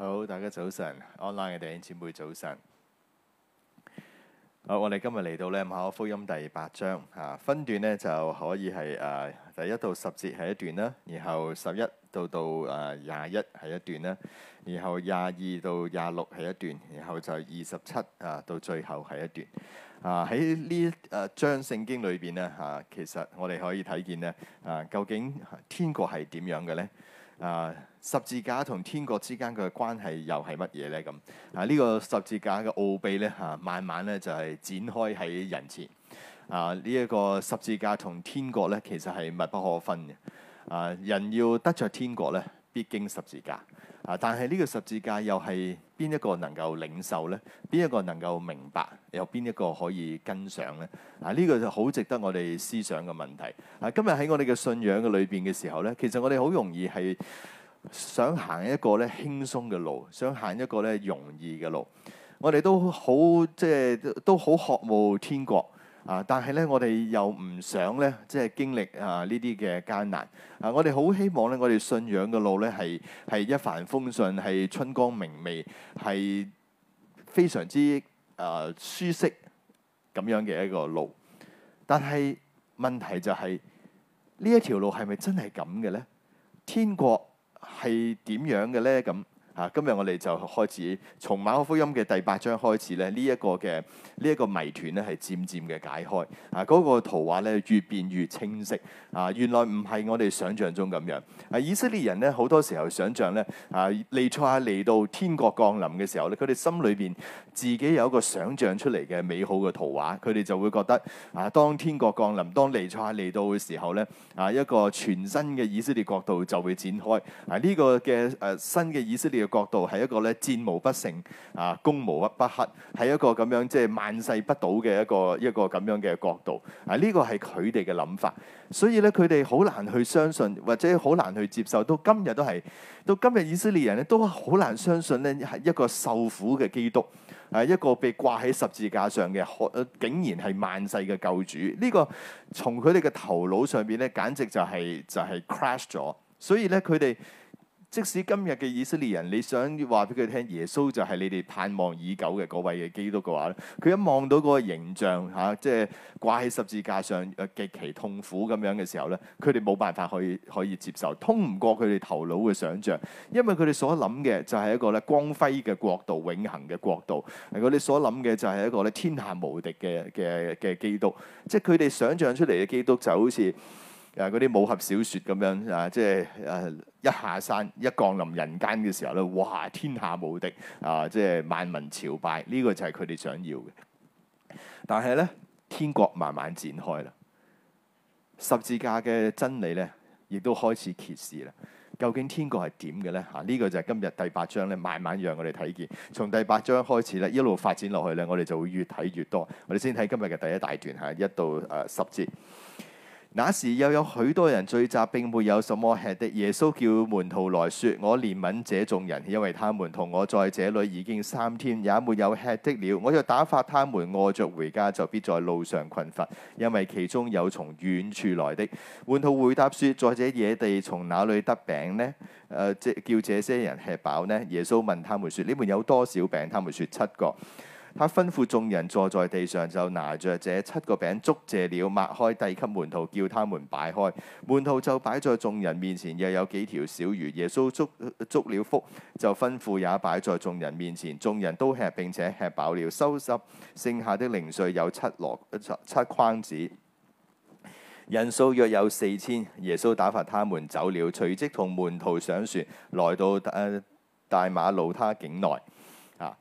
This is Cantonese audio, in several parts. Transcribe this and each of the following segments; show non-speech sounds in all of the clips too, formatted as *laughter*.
好，大家早晨，online 嘅弟兄姊妹早晨。好，我哋今日嚟到咧，馬可福音第八章啊，分段咧就可以係誒、啊、第一到十節係一段啦，然後十一到到誒廿一係一段啦，然後廿二,二到廿六係一段，然後就二十七啊到最後係一段。啊，喺呢誒章聖經裏邊咧啊，其實我哋可以睇見咧啊，究竟天國係點樣嘅咧？啊，十字架同天國之間嘅關係又係乜嘢咧？咁啊，呢、這個十字架嘅奧秘咧，嚇、啊，慢慢咧就係、是、展開喺人前。啊，呢、這、一個十字架同天國咧，其實係密不可分嘅。啊，人要得着天國咧，必經十字架。啊！但係呢個十字架又係邊一個能夠領受呢？邊一個能夠明白？有邊一個可以跟上呢？啊！呢個就好值得我哋思想嘅問題。啊！今日喺我哋嘅信仰嘅裏邊嘅時候呢，其實我哋好容易係想行一個咧輕鬆嘅路，想行一個咧容易嘅路。我哋都好即係都好渴慕天國。啊！但係咧，我哋又唔想咧，即係經歷啊呢啲嘅艱難啊、呃！我哋好希望咧，我哋信仰嘅路咧係係一帆風順，係春光明媚，係非常之啊、呃、舒適咁樣嘅一個路。但係問題就係、係、呢一條路係咪真係咁嘅咧？天國係點樣嘅咧？咁？啊！今日我哋就開始從馬可福音嘅第八章開始咧，呢、這、一個嘅呢一個謎團咧係漸漸嘅解開。啊，嗰、那個圖畫咧越變越清晰。啊，原來唔係我哋想象中咁樣。啊，以色列人咧好多時候想象咧，啊，彌賽亞嚟到天國降臨嘅時候咧，佢哋心裏邊自己有一個想像出嚟嘅美好嘅圖畫，佢哋就會覺得啊，當天國降臨，當彌賽亞嚟到嘅時候咧，啊，一個全新嘅以色列國度就會展開。啊，呢、這個嘅誒、啊、新嘅以色列。角度係一個咧戰無不勝啊，攻無不克，係一個咁樣即係萬世不倒嘅一個一個咁樣嘅角度啊！呢個係佢哋嘅諗法，所以咧佢哋好難去相信，或者好難去接受。到今日都係，到今日以色列人咧都好難相信咧係一個受苦嘅基督，係、啊、一個被掛喺十字架上嘅，竟然係萬世嘅救主。呢、這個從佢哋嘅頭腦上邊咧，簡直就係、是、就係、是、crash 咗。所以咧佢哋。即使今日嘅以色列人，你想話俾佢聽，耶穌就係你哋盼望已久嘅嗰位嘅基督嘅話咧，佢一望到嗰個形象嚇、啊，即係掛喺十字架上極其痛苦咁樣嘅時候咧，佢哋冇辦法可以可以接受，通唔過佢哋頭腦嘅想像，因為佢哋所諗嘅就係一個咧光輝嘅國度、永恆嘅國度，佢哋所諗嘅就係一個咧天下無敵嘅嘅嘅基督，即係佢哋想像出嚟嘅基督就好似。誒嗰啲武俠小説咁樣啊，即係誒一下山一降臨人間嘅時候咧，哇！天下無敵啊，即係萬民朝拜，呢個就係佢哋想要嘅。但係咧，天國慢慢展開啦，十字架嘅真理咧，亦都開始揭示啦。究竟天國係點嘅咧？啊，呢個就係今日第八章咧，慢慢讓我哋睇見。從第八章開始咧，一路發展落去咧，我哋就會越睇越多。我哋先睇今日嘅第一大段嚇，一到誒十節。那時又有許多人聚集，並沒有什麼吃的。耶穌叫門徒來說：我憐憫這眾人，因為他們同我在這裏已經三天，也沒有吃的了。我就打發他們餓着回家，就必在路上困乏，因為其中有從遠處來的。門徒回答說：在這野地從哪裏得餅呢？誒，即、呃、叫這些人吃飽呢？耶穌問他們說：你們有多少餅？他們說：七個。他吩咐眾人坐在地上，就拿着這七個餅，祝謝了，擘開，遞給門徒，叫他們擺開。門徒就擺在眾人面前，又有幾條小魚。耶穌祝祝了福，就吩咐也擺在眾人面前。眾人都吃，並且吃飽了，收拾剩下的零碎有七羅七筐子，人數約有四千。耶穌打發他們走了，隨即同門徒上船，來到大馬魯他境內，啊。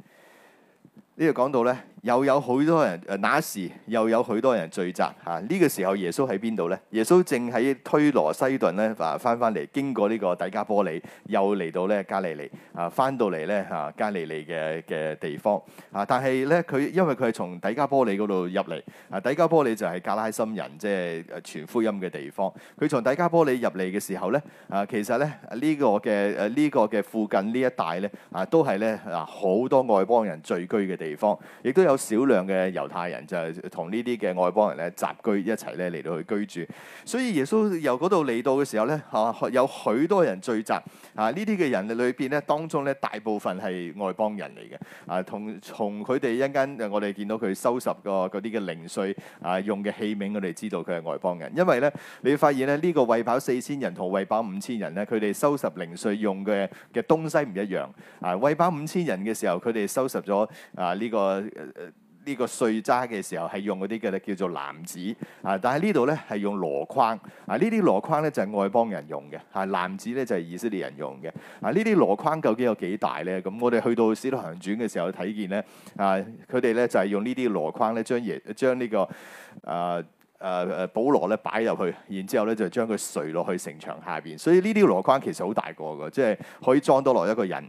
講呢度講到咧。又有好多人，啊！那時又有好多人聚集，嚇、啊、呢、這個時候耶穌喺邊度咧？耶穌正喺推羅西頓咧，啊翻翻嚟，經過呢個底加波利，又嚟到咧加利利，啊，翻到嚟咧，嚇、啊、加利利嘅嘅地方，啊！但係咧，佢因為佢係從底加波利嗰度入嚟，啊，底加波利就係加拉森人即係、就是、全福音嘅地方。佢從底加波利入嚟嘅時候咧，啊，其實咧呢、這個嘅誒呢個嘅附近呢一帶咧，啊，都係咧啊好多外邦人聚居嘅地方，亦都有。少量嘅猶太人就係同呢啲嘅外邦人咧集居一齊咧嚟到去居住，所以耶穌由嗰度嚟到嘅時候咧嚇、啊、有許多人聚集，嚇、啊、呢啲嘅人嘅裏邊咧當中咧大部分係外邦人嚟嘅，啊同從佢哋一間我哋見到佢收拾個嗰啲嘅零碎啊用嘅器皿，我哋知道佢係外邦人，因為咧你會發現咧、這個、呢個餵飽四千人同餵飽五千人咧，佢哋收拾零碎用嘅嘅東西唔一樣，啊餵飽五千人嘅時候，佢哋收拾咗啊呢個。啊啊啊啊啊啊啊啊呢個碎渣嘅時候係用嗰啲嘅咧叫做籃子，啊！但係呢度咧係用籮筐，啊！羅框呢啲籮筐咧就係外邦人用嘅，啊！籃子咧就係、是、以色列人用嘅，啊！呢啲籮筐究竟有幾大咧？咁我哋去到《使徒行傳》嘅時候睇見咧，啊！佢哋咧就係、是、用羅框呢啲籮筐咧將嘢將呢、這個啊啊啊！保羅咧擺入去，然之後咧就將佢垂落去城牆下邊，所以呢啲籮筐其實好大個嘅，即、就、係、是、可以裝多落一個人。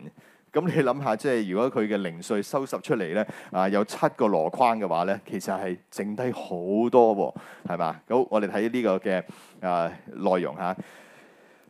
咁你諗下，即係如果佢嘅零碎收拾出嚟咧，啊有七個籮筐嘅話咧，其實係剩低好多喎，係嘛？好，我哋睇呢個嘅啊內容嚇、啊。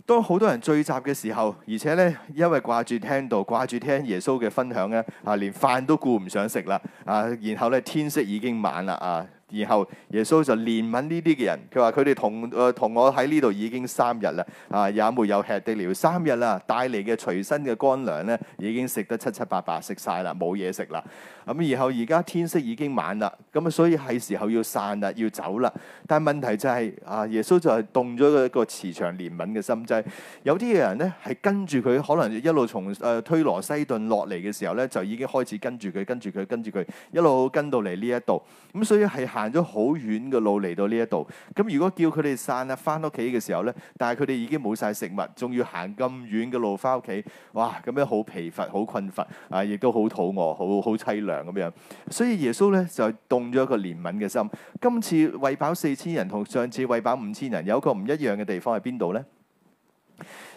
當好多人聚集嘅時候，而且咧因為掛住聽到掛住聽耶穌嘅分享咧，啊連飯都顧唔上食啦，啊然後咧天色已經晚啦，啊。然後耶穌就憐憫呢啲嘅人，佢話佢哋同誒、呃、同我喺呢度已經三日啦，啊，也沒有吃的了，三日啦，帶嚟嘅隨身嘅乾糧咧已經食得七七八八，食晒啦，冇嘢食啦。咁然後而家天色已經晚啦，咁啊所以係時候要散啦，要走啦。但係問題就係、是、啊，耶穌就係動咗一個慈祥憐憫嘅心，就係、有啲嘅人咧係跟住佢，可能一路從誒、呃、推羅西頓落嚟嘅時候咧就已經開始跟住佢，跟住佢，跟住佢，一路跟，一路跟，一路跟，一路跟到嚟呢一度，咁所以係。嗯嗯嗯嗯嗯嗯嗯嗯行咗好遠嘅路嚟到呢一度，咁如果叫佢哋散啦，翻屋企嘅時候咧，但係佢哋已經冇晒食物，仲要行咁遠嘅路翻屋企，哇！咁樣好疲乏，好困乏啊，亦都好肚餓，好好淒涼咁樣。所以耶穌咧就動咗一個憐憫嘅心。今次餵飽四千人同上次餵飽五千人有一個唔一樣嘅地方喺邊度咧？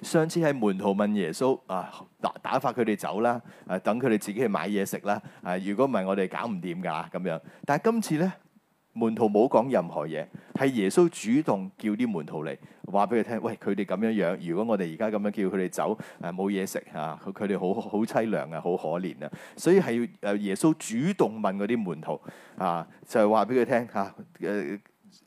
上次喺門徒問耶穌啊，打打發佢哋走啦，誒、啊，等佢哋自己去買嘢食啦。誒、啊，如果唔係我哋搞唔掂噶咁樣。但係今次咧。門徒冇講任何嘢，係耶穌主動叫啲門徒嚟話俾佢聽，喂佢哋咁樣樣，如果我哋而家咁樣叫佢哋走，誒冇嘢食啊，佢哋好好淒涼啊，好可憐啊，所以係誒耶穌主動問嗰啲門徒啊，就係話俾佢聽嚇誒，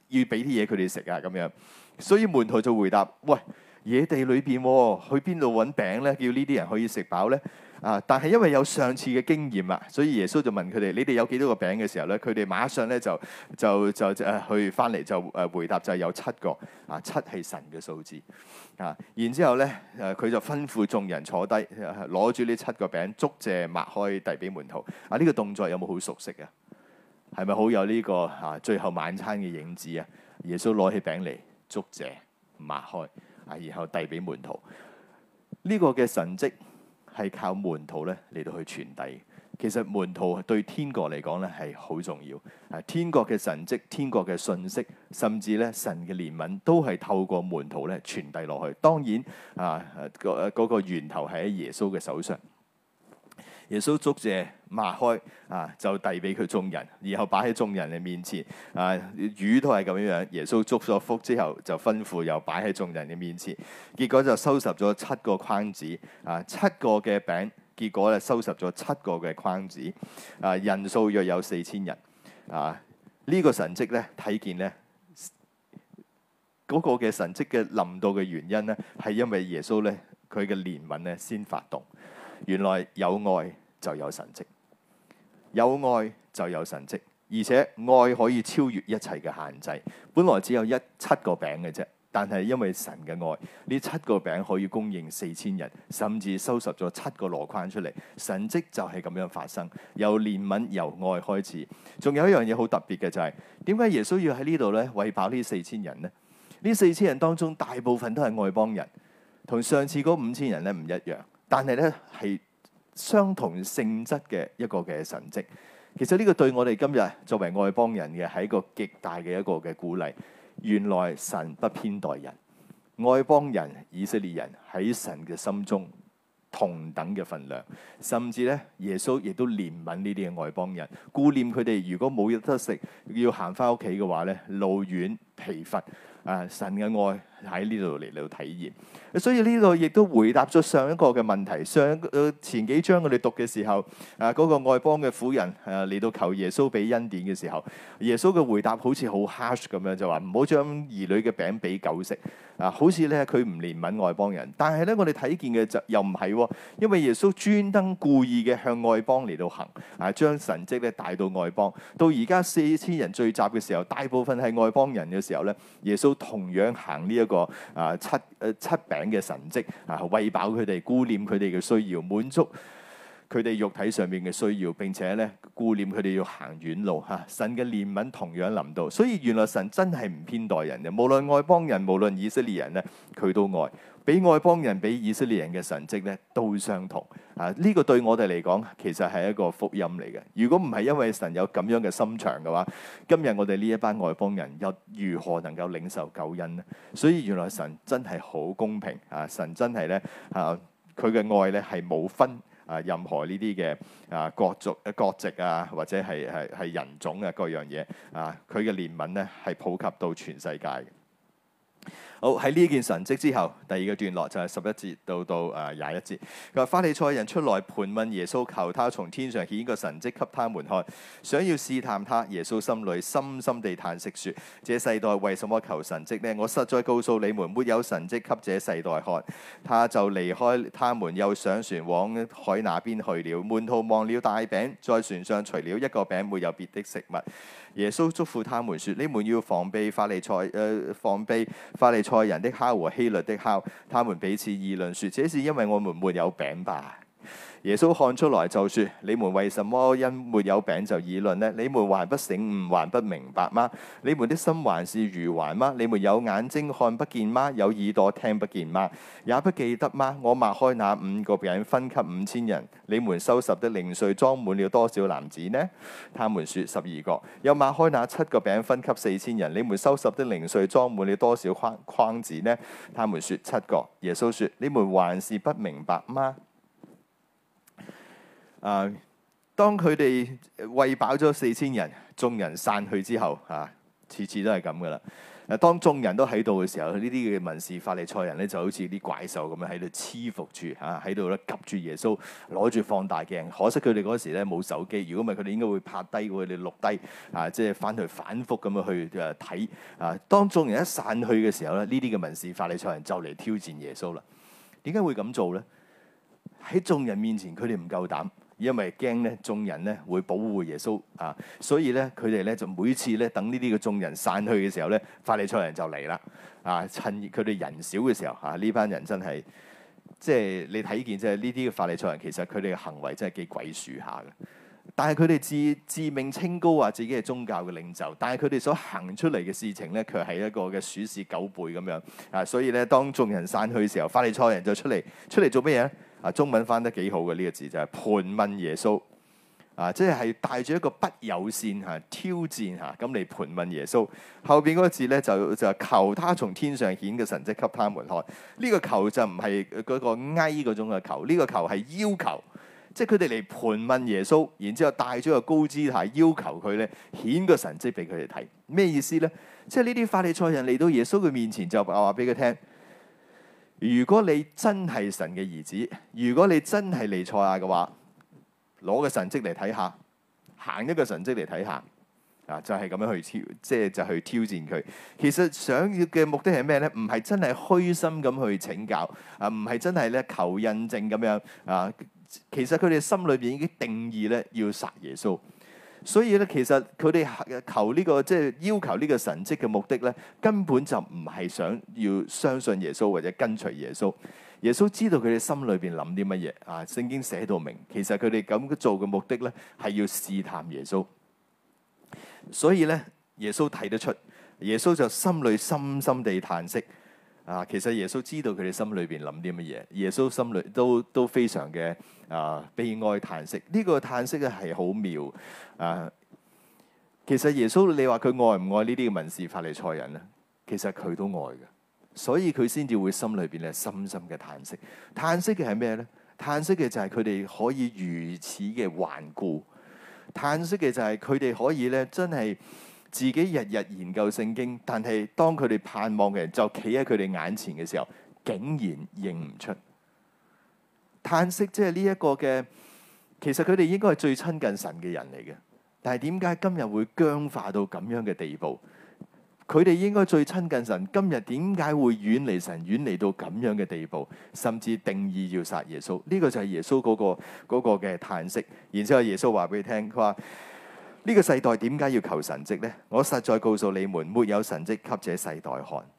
要俾啲嘢佢哋食啊咁樣，所以門徒就回答，喂野地裏邊、哦、去邊度揾餅咧？叫呢啲人可以食飽咧？啊！但係因為有上次嘅經驗啊，所以耶穌就問佢哋：你哋有幾多個餅嘅時候咧？佢哋馬上咧就就就誒去翻嚟就誒回，回答就係有七個啊。七係神嘅數字啊。然之後咧誒佢就吩咐眾人坐低，攞住呢七個餅，祝謝擘開，遞俾門徒。啊呢、這個動作有冇好熟悉是是、這個、啊？係咪好有呢個啊最後晚餐嘅影子啊？耶穌攞起餅嚟祝謝擘開啊，然後遞俾門徒呢、這個嘅神跡。係靠門徒咧嚟到去傳遞。其實門徒對天國嚟講咧係好重要。啊，天國嘅神跡、天國嘅信息，甚至咧神嘅憐憫，都係透過門徒咧傳遞落去。當然啊，嗰、啊、嗰、嗰個源頭係喺耶穌嘅手上。耶穌捉住擘開啊，就遞俾佢，眾人，然後擺喺眾人嘅面前。啊，魚都係咁樣樣。耶穌捉咗福之後，就吩咐又擺喺眾人嘅面前。結果就收拾咗七個框子啊，七個嘅餅。結果咧收拾咗七個嘅框子啊，人數約有四千人啊。呢個神蹟咧睇見咧，嗰個嘅神蹟嘅臨到嘅原因咧，係因為耶穌咧佢嘅憐憫咧先發動。原來有愛就有神蹟，有愛就有神蹟，而且愛可以超越一切嘅限制。本來只有一七個餅嘅啫，但係因為神嘅愛，呢七個餅可以供應四千人，甚至收拾咗七個籮筐出嚟。神蹟就係咁樣發生，由憐憫、由愛開始。仲有一樣嘢好特別嘅就係，點解耶穌要喺呢度咧餵飽呢四千人呢？呢四千人當中大部分都係外邦人，同上次嗰五千人咧唔一樣。但係咧，係相同性質嘅一個嘅神跡。其實呢個對我哋今日作為外邦人嘅，係一個極大嘅一個嘅鼓勵。原來神不偏待人，外邦人、以色列人喺神嘅心中同等嘅份量。甚至咧，耶穌亦都憐憫呢啲嘅外邦人，顧念佢哋。如果冇嘢得食，要行返屋企嘅話咧，路遠疲乏。啊，神嘅愛！喺呢度嚟到體驗，所以呢度亦都回答咗上一個嘅問題。上前幾章我哋讀嘅時候，啊、嗰個外邦嘅婦人誒嚟到求耶穌俾恩典嘅時候，耶穌嘅回答好似好 harsh 咁樣就話，唔好將兒女嘅餅俾狗食啊！好似咧佢唔憐憫外邦人，但係咧我哋睇見嘅就又唔係，因為耶穌專登故意嘅向外邦嚟到行啊，將神跡咧帶到外邦。到而家四千人聚集嘅時候，大部分係外邦人嘅時候咧，耶穌同樣行呢一個。七七啊七誒七餅嘅神蹟啊，餵飽佢哋，顧念佢哋嘅需要，滿足佢哋肉體上面嘅需要，並且咧顧念佢哋要行遠路吓，啊、神嘅憐憫同樣臨到，所以原來神真係唔偏待人嘅，無論外邦人，無論以色列人呢，佢都愛。俾外邦人、俾以色列人嘅神蹟咧，都相同。啊，呢個對我哋嚟講，其實係一個福音嚟嘅。如果唔係因為神有咁樣嘅心腸嘅話，今日我哋呢一班外邦人又如何能夠領受救恩呢？所以原來神真係好公平。啊，神真係咧，啊，佢嘅愛咧係冇分啊任何呢啲嘅啊國族啊國籍啊或者係係係人種啊各樣嘢啊，佢嘅憐憫咧係普及到全世界。好喺呢件神蹟之後，第二個段落就係十一節到到誒廿一節。佢話，法利賽人出來盤問耶穌，求他從天上顯個神蹟給他們看，想要試探他。耶穌心裏深深地嘆息說：這世代為什麼求神蹟呢？我實在告訴你們，沒有神蹟給這世代看。他就離開他們，又上船往海那邊去了。門徒忘了大餅，在船上除了一個餅，沒有別的食物。耶穌祝福他們說：你們要防備法利賽，誒、呃、防備法利賽人的酵和希律的酵。他們彼此議論說：這是因為我們沒有餅吧。耶穌看出來就説：你們為什麼因沒有餅就議論呢？你們還不醒悟還不明白嗎？你們的心還是愚頑嗎？你們有眼睛看不見嗎？有耳朵聽不見嗎？也不記得嗎？我擘開那五個餅分給五千人，你們收拾的零碎裝滿了多少籃子呢？他們説十二個。又擘開那七個餅分給四千人，你們收拾的零碎裝滿了多少筐筐子呢？他們説七個。耶穌説：你們還是不明白嗎？啊！當佢哋餵飽咗四千人，眾人散去之後，啊，次次都係咁噶啦。啊，當眾人都喺度嘅時候，呢啲嘅民事法利賽人咧，就好似啲怪獸咁樣喺度黐伏住，啊，喺度咧 𥄫 住耶穌，攞住放大鏡。可惜佢哋嗰時咧冇手機，如果唔係佢哋應該會拍低佢哋錄低，啊，即係翻去反覆咁樣去誒睇。啊，當眾人一散去嘅時候咧，呢啲嘅民事法利賽人就嚟挑戰耶穌啦。點解會咁做咧？喺眾人面前，佢哋唔夠膽。因為驚咧，眾人咧會保護耶穌啊，所以咧佢哋咧就每次咧等呢啲嘅眾人散去嘅時候咧，法利賽人就嚟啦啊，趁佢哋人少嘅時候啊，呢班人真係即係你睇見即係呢啲嘅法利賽人，其實佢哋嘅行為真係幾鬼祟下嘅。但係佢哋自自命清高，話自己係宗教嘅領袖，但係佢哋所行出嚟嘅事情咧，佢係一個嘅鼠事九背咁樣啊。所以咧，當眾人散去嘅時候，法利賽人就出嚟出嚟做乜嘢咧？啊，中文翻得幾好嘅呢，這個字就係盤問耶穌，啊，即係係帶住一個不友善嚇、啊、挑戰嚇咁嚟盤問耶穌。後邊嗰個字咧就就係求他從天上顯嘅神蹟給他們看。呢，這個求就唔係嗰個哀嗰種嘅求，呢，這個求係要求，即係佢哋嚟盤問耶穌，然之後帶咗一個高姿態要求佢咧顯個神蹟俾佢哋睇。咩意思咧？即係呢啲法利賽人嚟到耶穌嘅面前就話話俾佢聽。如果你真係神嘅兒子，如果你真係彌賽亞嘅話，攞個神蹟嚟睇下，行一個神蹟嚟睇下，啊就係、是、咁樣去挑，即係就是、去挑戰佢。其實想要嘅目的係咩咧？唔係真係虛心咁去請教，啊唔係真係咧求印證咁樣啊。其實佢哋心裏邊已經定義咧要殺耶穌。所以咧，其實佢哋求呢、呢個即係、就是、要求呢個神蹟嘅目的咧，根本就唔係想要相信耶穌或者跟隨耶穌。耶穌知道佢哋心裏邊諗啲乜嘢啊！聖經寫到明，其實佢哋咁做嘅目的咧，係要試探耶穌。所以咧，耶穌睇得出，耶穌就心裏深深地嘆息。啊，其實耶穌知道佢哋心裏邊諗啲乜嘢，耶穌心裏都都非常嘅啊悲哀嘆息。呢個嘆息咧係好妙啊！其實耶穌，你話佢愛唔愛呢啲嘅文士法利賽人呢？其實佢都愛嘅，所以佢先至會心裏邊咧深深嘅嘆息。嘆息嘅係咩呢？嘆息嘅就係佢哋可以如此嘅頑固。嘆息嘅就係佢哋可以咧真係。自己日日研究聖經，但係當佢哋盼望嘅人就企喺佢哋眼前嘅時候，竟然認唔出，嘆息，即係呢一個嘅，其實佢哋應該係最親近神嘅人嚟嘅，但係點解今日會僵化到咁樣嘅地步？佢哋應該最親近神，今日點解會遠離神，遠離到咁樣嘅地步，甚至定意要殺耶穌？呢個就係耶穌嗰個嗰個嘅嘆息。然之後耶穌話俾佢聽，佢話。呢個世代點解要求神蹟呢？我實在告訴你們，沒有神蹟給這世代看。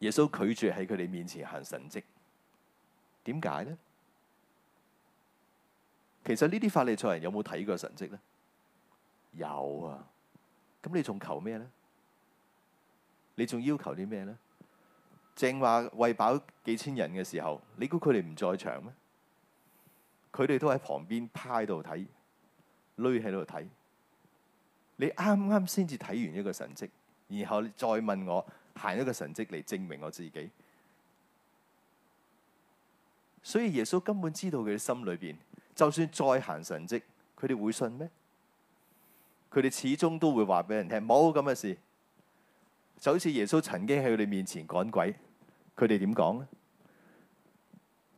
耶穌拒絕喺佢哋面前行神蹟，點解呢？其實呢啲法利賽人有冇睇過神蹟呢？有啊，咁你仲求咩呢？你仲要求啲咩呢？正話喂飽幾千人嘅時候，你估佢哋唔在場咩？佢哋都喺旁邊趴喺度睇，攣喺度睇。你啱啱先至睇完一個神蹟，然後你再問我行一個神蹟嚟證明我自己。所以耶穌根本知道佢哋心裏邊，就算再行神蹟，佢哋會信咩？佢哋始終都會話俾人聽冇咁嘅事。就好似耶穌曾經喺佢哋面前趕鬼，佢哋點講咧？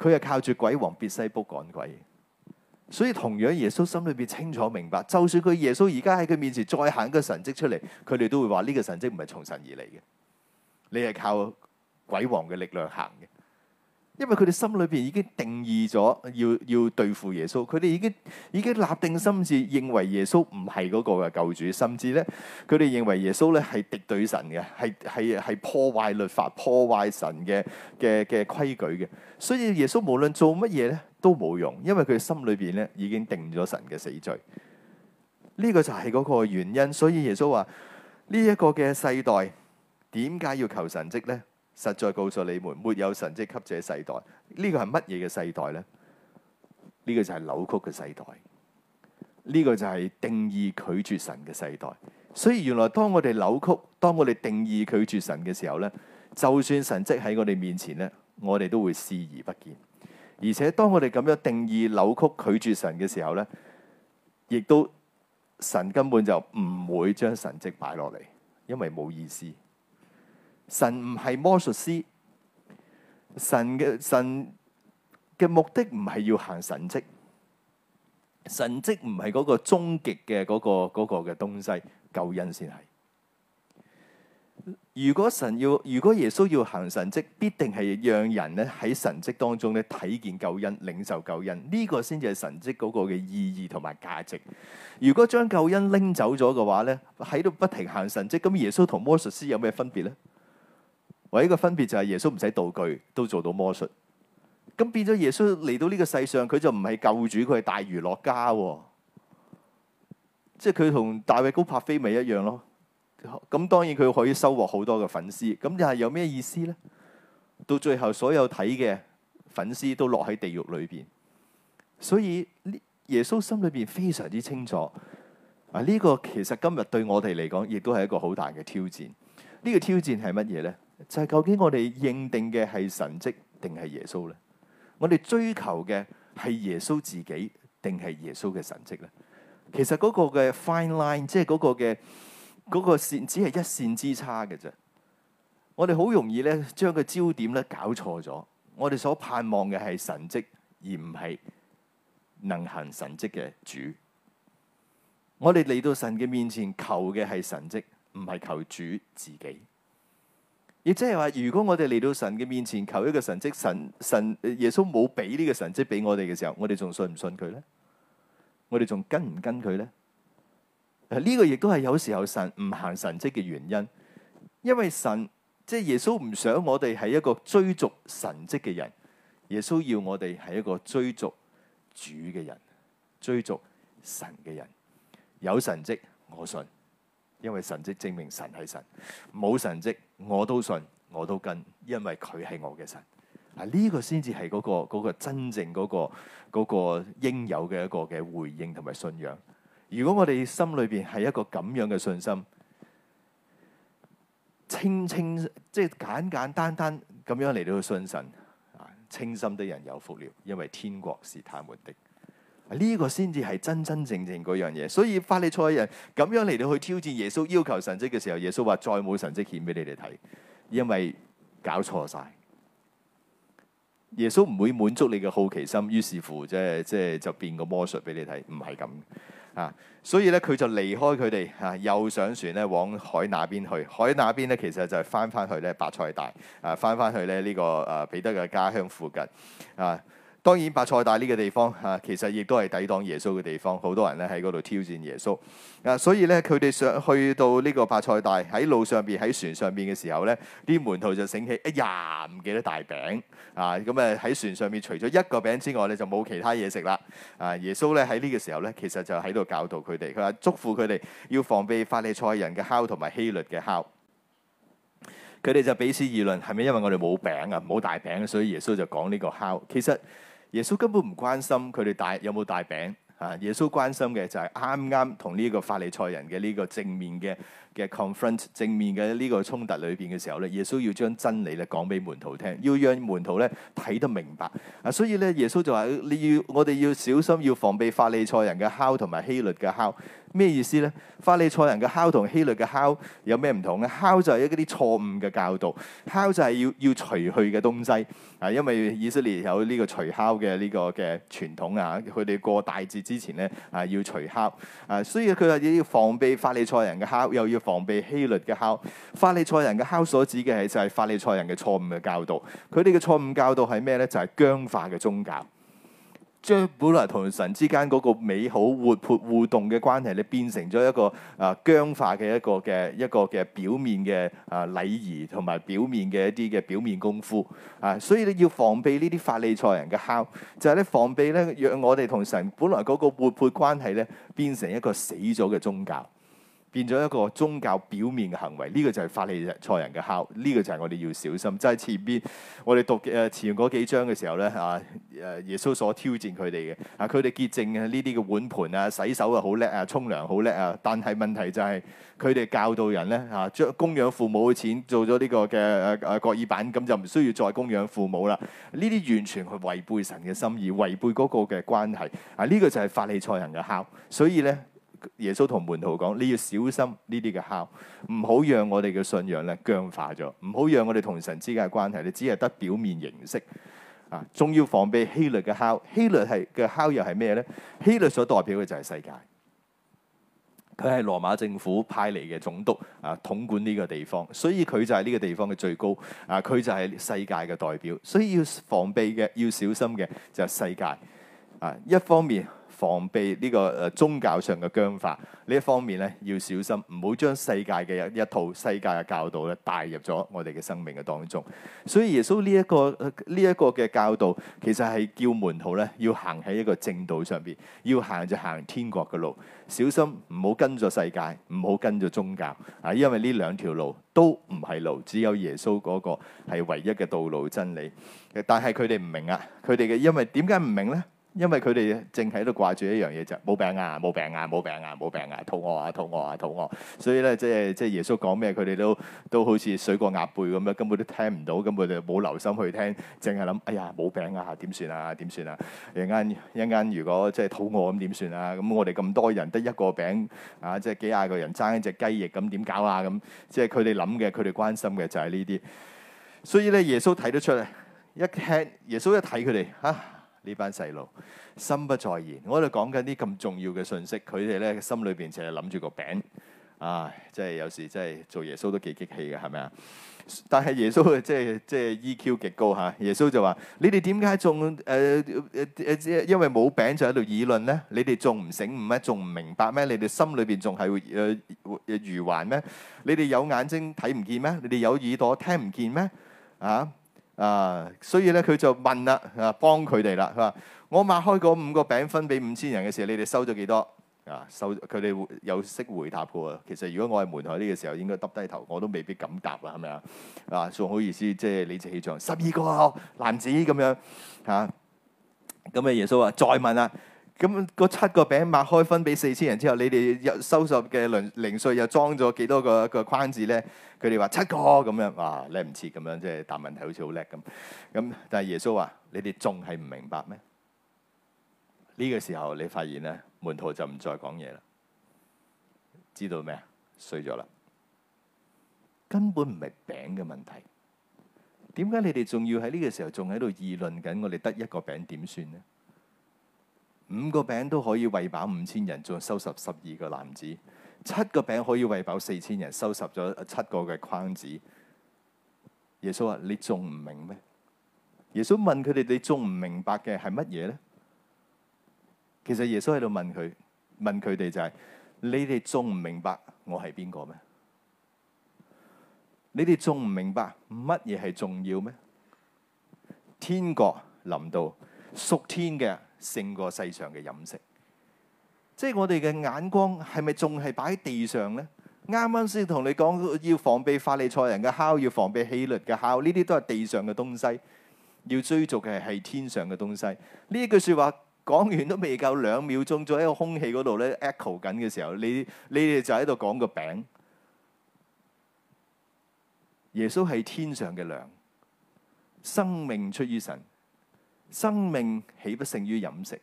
佢係靠住鬼王別西卜趕鬼，所以同樣耶穌心裏面清楚明白，就算佢耶穌而家喺佢面前再行一個神跡出嚟，佢哋都會話呢個神跡唔係從神而嚟嘅，你係靠鬼王嘅力量行嘅。因為佢哋心裏邊已經定義咗要要對付耶穌，佢哋已經已經立定心志，認為耶穌唔係嗰個嘅救主，甚至咧佢哋認為耶穌咧係敵對神嘅，係係係破壞律法、破壞神嘅嘅嘅規矩嘅。所以耶穌無論做乜嘢咧都冇用，因為佢哋心裏邊咧已經定咗神嘅死罪。呢個就係嗰個原因，所以耶穌話呢一個嘅世代點解要求神跡咧？實在告訴你們，沒有神蹟給這世代。呢個係乜嘢嘅世代呢？呢個就係扭曲嘅世代。呢個就係定義拒絕神嘅世代。所以原來當我哋扭曲，當我哋定義拒絕神嘅時候呢，就算神蹟喺我哋面前呢，我哋都會視而不見。而且當我哋咁樣定義扭曲拒絕神嘅時候呢，亦都神根本就唔會將神蹟擺落嚟，因為冇意思。神唔係魔術師，神嘅神嘅目的唔係要行神跡，神跡唔係嗰個終極嘅嗰個嗰個嘅東西，救恩先係。如果神要，如果耶穌要行神跡，必定係讓人咧喺神跡當中咧睇見救恩，領受救恩，呢個先至係神跡嗰個嘅意義同埋價值。如果將救恩拎走咗嘅話咧，喺度不停行神跡，咁耶穌同魔術師有咩分別咧？唯一個分別就係耶穌唔使道具都做到魔術，咁變咗耶穌嚟到呢個世上，佢就唔係救主，佢係大娛樂家喎，即係佢同大衛高柏菲一樣咯。咁當然佢可以收穫好多嘅粉絲，咁又係有咩意思呢？到最後所有睇嘅粉絲都落喺地獄裏邊，所以耶穌心裏邊非常之清楚。啊，呢個其實今日對我哋嚟講，亦都係一個好大嘅挑戰。呢個挑戰係乜嘢呢？就係究竟我哋認定嘅係神跡定係耶穌咧？我哋追求嘅係耶穌自己定係耶穌嘅神跡咧？其實嗰個嘅 fine line，即係嗰個嘅嗰個線，只係一線之差嘅啫。我哋好容易咧，將個焦點咧搞錯咗。我哋所盼望嘅係神跡，而唔係能行神跡嘅主。我哋嚟到神嘅面前求嘅係神跡，唔係求主自己。亦即係話，如果我哋嚟到神嘅面前求一個神蹟，神神耶穌冇俾呢個神蹟俾我哋嘅時候，我哋仲信唔信佢咧？我哋仲跟唔跟佢咧？呢個亦都係有時候神唔行神蹟嘅原因，因為神即係耶穌唔想我哋係一個追逐神蹟嘅人，耶穌要我哋係一個追逐主嘅人，追逐神嘅人。有神蹟，我信。因為神迹證明神係神，冇神迹我都信我都跟，因為佢係我嘅神。啊、這、呢個先至係嗰個、嗰個真正嗰、嗰個嗰、嗰個應有嘅一個嘅回應同埋信仰。如果我哋心裏邊係一個咁樣嘅信心，清清即係簡簡單單咁樣嚟到信神啊，清心的人有福了，因為天國是他們的。呢個先至係真真正正嗰樣嘢，所以法利賽人咁樣嚟到去挑戰耶穌要求神蹟嘅時候，耶穌話再冇神蹟顯俾你哋睇，因為搞錯晒。耶穌唔會滿足你嘅好奇心，於是乎即係即係就變個魔術俾你睇，唔係咁啊。所以咧，佢就離開佢哋啊，又上船咧，往海那邊去。海那邊咧，其實就係翻翻去咧，伯賽大啊，翻翻去咧呢個啊彼得嘅家鄉附近啊。當然，伯賽大呢個地方嚇、啊，其實亦都係抵擋耶穌嘅地方，好多人咧喺嗰度挑戰耶穌。啊，所以咧佢哋上去到呢個伯賽大喺路上邊喺船上邊嘅時候咧，啲門徒就醒起哎呀，唔記得大餅啊，咁啊喺船上邊除咗一個餅之外咧就冇其他嘢食啦。啊，耶穌咧喺呢個時候咧其實就喺度教導佢哋，佢話囑咐佢哋要防備法利賽人嘅酵同埋希律嘅酵。佢哋就彼此議論係咪因為我哋冇餅啊冇大餅，所以耶穌就講呢個酵。其實。耶穌根本唔關心佢哋帶有冇帶餅啊！耶穌關心嘅就係啱啱同呢個法利賽人嘅呢個正面嘅嘅 confront 正面嘅呢個衝突裏邊嘅時候咧，耶穌要將真理咧講俾門徒聽，要讓門徒咧睇得明白啊！所以咧，耶穌就話：你要我哋要小心，要防備法利賽人嘅酵，同埋希律嘅酵。咩意思咧？法利賽人嘅酵同希律嘅酵有咩唔同咧？酵就係一啲錯誤嘅教導，酵就係要要除去嘅東西。啊，因為以色列有呢個除酵嘅呢個嘅傳統啊，佢哋過大節之前咧啊要除酵啊，所以佢話要防備法利賽人嘅酵，又要防備希律嘅酵。法利賽人嘅酵所指嘅係就係、是、法利賽人嘅錯誤嘅教導，佢哋嘅錯誤教導係咩咧？就係、是、僵化嘅宗教。將本來同神之間嗰個美好活潑互動嘅關係，咧變成咗一個啊僵化嘅一個嘅一個嘅表面嘅啊禮儀同埋表面嘅一啲嘅表面功夫啊，所以咧要防備呢啲法利賽人嘅酵，就係咧防備咧讓我哋同神本來嗰個活潑關係咧變成一個死咗嘅宗教。變咗一個宗教表面嘅行為，呢、這個就係法利賽人嘅酵。呢、這個就係我哋要小心。即、就、係、是、前邊我哋讀誒、呃、前嗰幾章嘅時候咧，啊誒耶穌所挑戰佢哋嘅，啊佢哋潔淨啊呢啲嘅碗盤啊洗手啊好叻啊沖涼好叻啊，但係問題就係佢哋教導人咧啊將供養父母嘅錢做咗呢個嘅誒誒各耳板，咁、啊、就唔需要再供養父母啦。呢啲完全係違背神嘅心意，違背嗰個嘅關係。啊呢、這個就係法利賽人嘅酵。所以咧。耶穌同門徒講：你要小心呢啲嘅酵，唔好讓我哋嘅信仰咧僵化咗，唔好讓我哋同神之間嘅關係咧只係得表面形式啊！仲要防備希律嘅酵，希律係嘅酵又係咩咧？希律所代表嘅就係世界，佢係羅馬政府派嚟嘅總督啊，統管呢個地方，所以佢就係呢個地方嘅最高啊，佢就係世界嘅代表，所以要防備嘅，要小心嘅就係世界啊。一方面。防備呢個誒宗教上嘅僵化呢一方面咧，要小心，唔好將世界嘅一,一套世界嘅教導咧帶入咗我哋嘅生命嘅當中。所以耶穌呢一個呢一個嘅教導，其實係叫門徒咧要行喺一個正道上邊，要行就行天國嘅路，小心唔好跟咗世界，唔好跟咗宗教啊，因為呢兩條路都唔係路，只有耶穌嗰個係唯一嘅道路真理。但係佢哋唔明啊，佢哋嘅因為點解唔明呢？因為佢哋淨喺度掛住一樣嘢就冇餅啊，冇餅啊，冇餅啊，冇餅啊，肚餓啊，肚餓啊，肚餓、啊！所以咧，即係即係耶穌講咩，佢哋都都好似水過鴨背咁樣，根本都聽唔到，根本就冇留心去聽，淨係諗：哎呀，冇餅啊，點算啊？點算啊？一陣間一陣間，如果即係肚餓咁點算啊？咁我哋咁多人得一個餅啊，即係幾廿個人爭一隻雞翼咁點搞啊？咁即係佢哋諗嘅，佢哋關心嘅就係呢啲。所以咧，耶穌睇得出嚟，一聽耶穌一睇佢哋嚇。啊。呢班細路心不在焉，我哋講緊啲咁重要嘅信息，佢哋咧心裏邊淨係諗住個餅啊！即係有時即係做耶穌都幾激氣嘅，係咪啊？但係耶穌即係即係 EQ 極高嚇，耶穌就話：你哋點解仲誒誒誒？因為冇餅就喺度議論咧，你哋仲唔醒悟咩？仲唔明白咩？你哋心裏邊仲係誒誒愚頑咩？你哋有眼睛睇唔見咩？你哋有耳朵聽唔見咩？啊！啊，所以咧佢就問啦，啊幫佢哋啦，佢話：我擘開嗰五個餅分俾五千人嘅時候，你哋收咗幾多？啊，收佢哋有識回答嘅。其實如果我喺門口呢個時候，應該耷低頭，我都未必敢答啦，係咪啊？啊，仲好意思，即係理直氣壯十二個男子咁樣嚇。咁啊，耶穌話再問啦。咁個七個餅擘開分俾四千人之後，你哋又收拾嘅零零碎又裝咗幾多個個框子咧？佢哋話七個咁樣，哇！叻唔切咁樣，即係答問題好似好叻咁。咁但係耶穌話：你哋仲係唔明白咩？呢個時候你發現咧，門徒就唔再講嘢啦。知道咩？衰咗啦！根本唔係餅嘅問題。點解你哋仲要喺呢個時候仲喺度議論緊我哋得一個餅點算咧？五個餅都可以喂飽五千人，仲收拾十二個籃子；七個餅可以喂飽四千人，收拾咗七個嘅筐子。耶穌話，你仲唔明咩？耶穌問佢哋：你仲唔明白嘅係乜嘢咧？其實耶穌喺度問佢，問佢哋就係：你哋仲唔明白我係邊個咩？你哋仲唔明白乜嘢係重要咩？天國臨到，屬天嘅。勝過世上嘅飲食，即係我哋嘅眼光係咪仲係擺喺地上呢？啱啱先同你講要防備法利賽人嘅酵，要防備希律嘅酵，呢啲都係地上嘅東西，要追逐嘅係天上嘅東西。呢句說話講完都未夠兩秒鐘，就喺個空氣嗰度咧 echo 緊嘅時候，你你哋就喺度講個餅。耶穌係天上嘅糧，生命出於神。生命豈不勝於飲食？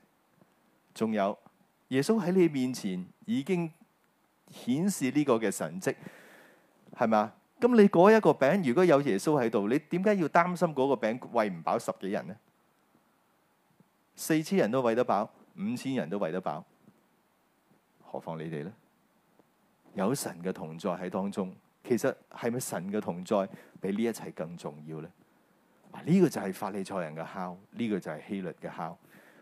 仲有耶穌喺你面前已經顯示呢個嘅神蹟，係咪啊？咁你嗰一個餅，如果有耶穌喺度，你點解要擔心嗰個餅餵唔飽十幾人呢？四千人都餵得飽，五千人都餵得飽，何況你哋呢？有神嘅同在喺當中，其實係咪神嘅同在比呢一切更重要呢？呢、啊，這個就係法利賽人嘅酵，呢個就係希律嘅酵。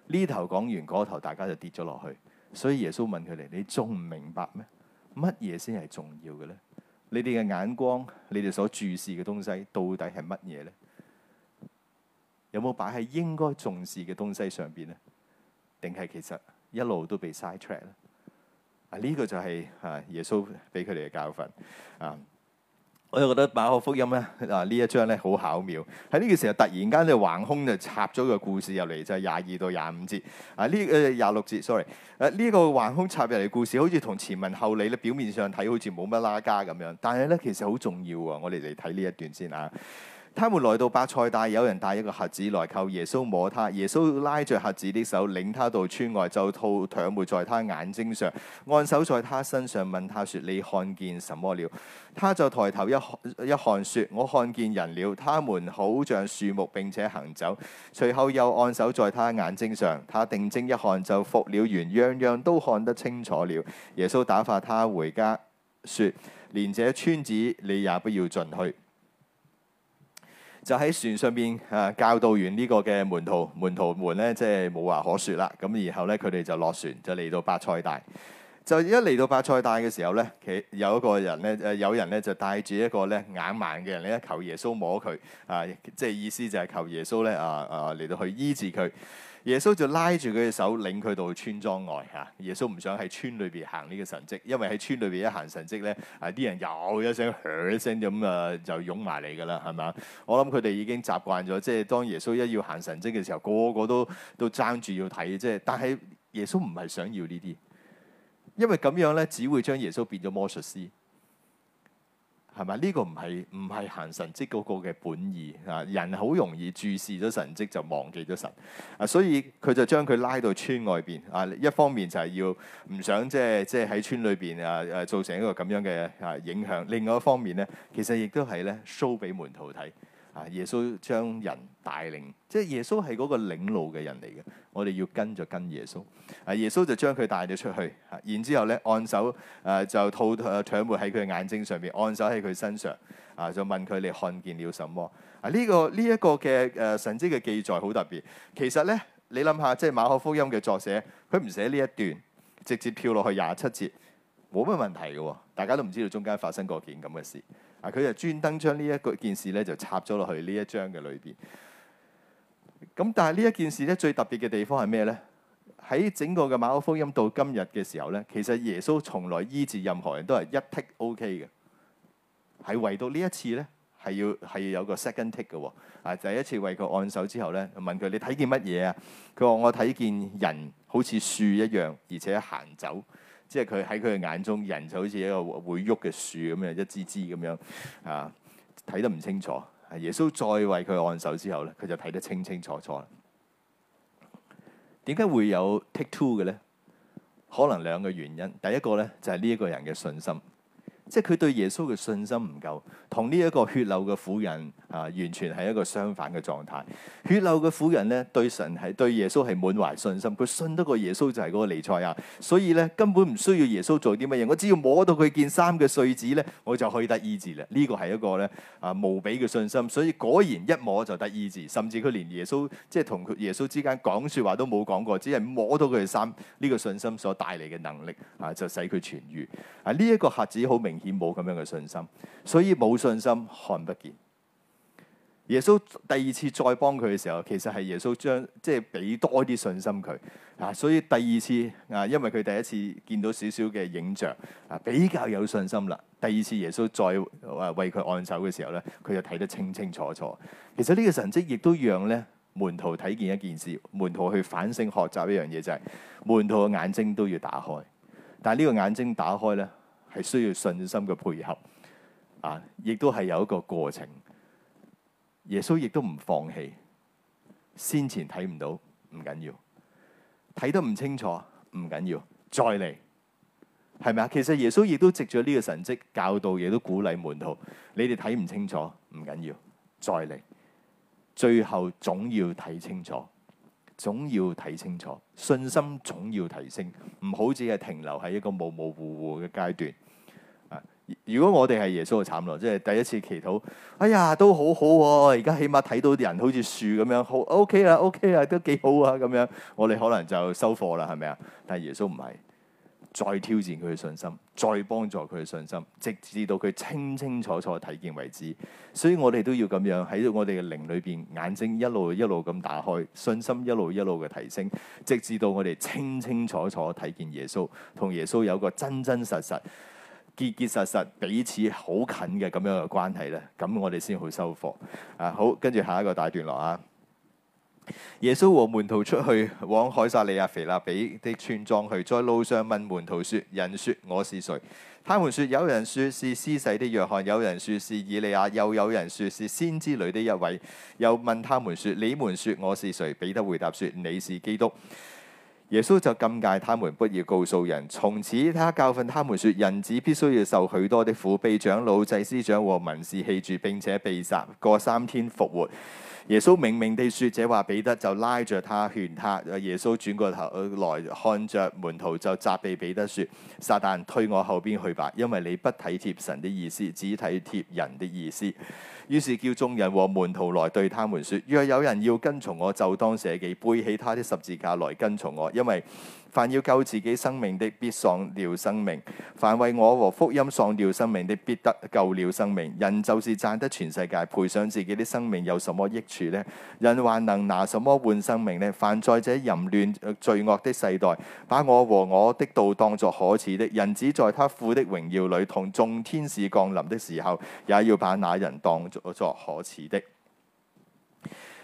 呢頭講完嗰頭，大家就跌咗落去。所以耶穌問佢哋，你仲唔明白咩？乜嘢先係重要嘅呢？你哋嘅眼光，你哋所注視嘅東西，到底係乜嘢呢？有冇擺喺應該重視嘅東西上邊呢？定係其實一路都被 side track e 呢、啊，這個就係啊耶穌俾佢哋嘅教訓啊。我就覺得馬可福音咧，嗱呢、啊、一章咧好巧妙，喺呢個時候突然間就橫空就插咗個故事入嚟，就係廿二到廿五節啊，呢誒廿六節，sorry 誒呢、啊呢個橫空插入嚟故事，好似同前文後理咧表面上睇好似冇乜拉加咁樣，但係咧其實好重要喎！我哋嚟睇呢一段先嚇。啊他們來到伯賽大，有人帶一個瞎子來求耶穌摸他。耶穌拉着瞎子的手，領他到村外，就吐唾沫在他眼睛上，按手在他身上，問他說：你看見什麼了？他就抬頭一看，一看說：我看見人了，他們好像樹木，並且行走。隨後又按手在他眼睛上，他定睛一看，就復了原，樣樣都看得清楚了。耶穌打發他回家，說：連這村子你也不要進去。就喺船上邊啊，呃，教導完呢個嘅門徒，門徒們咧即係冇話可説啦。咁然後咧，佢哋就落船，就嚟到伯賽大。就一嚟到伯賽大嘅時候咧，其有一個人咧，誒，呃、有人咧就帶住一個咧眼盲嘅人咧，求耶穌摸佢啊，即係意思就係求耶穌咧啊啊嚟到去醫治佢。耶穌就拉住佢嘅手，領佢到村莊外嚇。耶穌唔想喺村裏邊行呢個神跡，因為喺村裏邊一行神跡咧，啊啲人又一聲響一聲咁啊，就湧埋嚟㗎喇，係咪？我諗佢哋已經習慣咗，即係當耶穌一要行神跡嘅時候，個個都都爭住要睇。即係，但係耶穌唔係想要呢啲，因為咁樣咧，只會將耶穌變咗魔術師。係咪？呢個唔係唔係行神蹟嗰個嘅本意啊！人好容易注視咗神蹟就忘記咗神啊！所以佢就將佢拉到村外邊啊！一方面就係要唔想即係即係喺村裏邊啊啊造成一個咁樣嘅啊影響。另外一方面咧，其實亦都係咧，show 俾門徒睇。啊！耶穌將人帶領，即係耶穌係嗰個領路嘅人嚟嘅。我哋要跟就跟着耶穌。啊！耶穌就將佢帶咗出去。嚇、啊，然之後咧，按手誒、啊、就吐誒唾沫喺佢眼睛上邊，按手喺佢身上。啊，就問佢你看見了什麼？啊，呢、這個呢一、這個嘅誒、呃、神蹟嘅記載好特別。其實咧，你諗下，即、就、係、是、馬可福音嘅作者，佢唔寫呢一段，直接跳落去廿七節，冇乜問題嘅喎、啊。大家都唔知道中間發生過件咁嘅事。啊！佢就專登將呢一個件事咧，就插咗落去呢一章嘅裏邊。咁、嗯、但係呢一件事咧，最特別嘅地方係咩咧？喺整個嘅馬可福音到今日嘅時候咧，其實耶穌從來醫治任何人都係一 take OK 嘅。係唯獨呢一次咧，係要係要有個 second take 嘅喎、哦。啊，第一次為佢按手之後咧，問佢你睇見乜嘢啊？佢話我睇見人好似樹一樣，而且行走，走。即係佢喺佢嘅眼中，人就好似一個會喐嘅樹咁樣，一支支咁樣啊，睇得唔清楚。耶穌再為佢按手之後咧，佢就睇得清清楚楚。點解會有 take two 嘅咧？可能兩個原因。第一個咧就係呢一個人嘅信心，即係佢對耶穌嘅信心唔夠，同呢一個血流嘅婦人。啊！完全係一個相反嘅狀態。血漏嘅婦人咧，對神係對耶穌係滿懷信心。佢信得過耶穌就係嗰個彌賽亞，所以咧根本唔需要耶穌做啲乜嘢。我只要摸到佢件衫嘅碎紙咧，我就可以得醫治啦。呢個係一個咧啊無比嘅信心。所以果然一摸就得醫治，甚至佢連耶穌即係同佢耶穌之間講説話都冇講過，只係摸到佢嘅衫，呢個信心所帶嚟嘅能力啊，就使佢痊愈啊。呢一個瞎子好明顯冇咁樣嘅信心，所以冇信心看不見。耶穌第二次再幫佢嘅時候，其實係耶穌將即係俾多啲信心佢嗱、啊，所以第二次嗱、啊，因為佢第一次見到少少嘅影像啊，比較有信心啦。第二次耶穌再啊為佢按手嘅時候咧，佢就睇得清清楚楚。其實呢個神跡亦都讓咧門徒睇見一件事，門徒去反省學習一樣嘢就係、是、門徒嘅眼睛都要打開，但係呢個眼睛打開咧係需要信心嘅配合啊，亦都係有一個過程。耶穌亦都唔放棄，先前睇唔到唔緊要，睇得唔清楚唔緊要，再嚟，係咪啊？其實耶穌亦都藉咗呢個神跡教導，亦都鼓勵門徒：你哋睇唔清楚唔緊要，再嚟，最後總要睇清楚，總要睇清楚，信心總要提升，唔好只係停留喺一個模模糊糊嘅階段。如果我哋係耶穌嘅慘咯，即係第一次祈禱，哎呀都好好、啊、喎，而家起碼睇到啲人好似樹咁樣，好 OK 啦，OK 啦，都幾好啊咁樣，我哋可能就收貨啦，係咪啊？但係耶穌唔係，再挑戰佢嘅信心，再幫助佢嘅信心，直至到佢清清楚楚睇見為止。所以我哋都要咁樣喺我哋嘅靈裏邊，眼睛一路一路咁打開，信心一路一路嘅提升，直至到我哋清清楚楚睇見耶穌，同耶穌有個真真實實。結結實實彼此好近嘅咁樣嘅關係呢，咁我哋先好收貨。啊，好，跟住下一個大段落啊。耶穌和門徒出去往凱撒利亞腓立比的村莊去，在路上問門徒說：人說我是誰？他們說：有人說是施洗的約翰，有人說是以利亞，又有人說是先知裏的一位。又問他們說：你們說我是誰？彼得回答說：你是基督。耶穌就禁戒他們不要告訴人。從此他教訓他們說：人子必須要受許多的苦，被長老、祭司長和文士棄絕，並且被殺，過三天復活。耶穌明明地説這話，彼得就拉著他勸他。耶穌轉過頭來看着門徒，就責備彼得説：撒旦推我後邊去吧，因為你不體貼神的意思，只體貼人的意思。於是叫眾人和門徒來對他們說：若有人要跟從我，就當捨己，背起他的十字架來跟從我。因為凡要救自己生命的，必喪掉生命；凡為我和福音喪掉生命的，必得救了生命。人就是賺得全世界，賠上自己的生命，有什麼益處呢？人還能拿什麼換生命呢？凡在這淫亂罪惡的世代，把我和我的道當作可恥的，人只在他父的榮耀裏，同眾天使降臨的時候，也要把那人當作可恥的，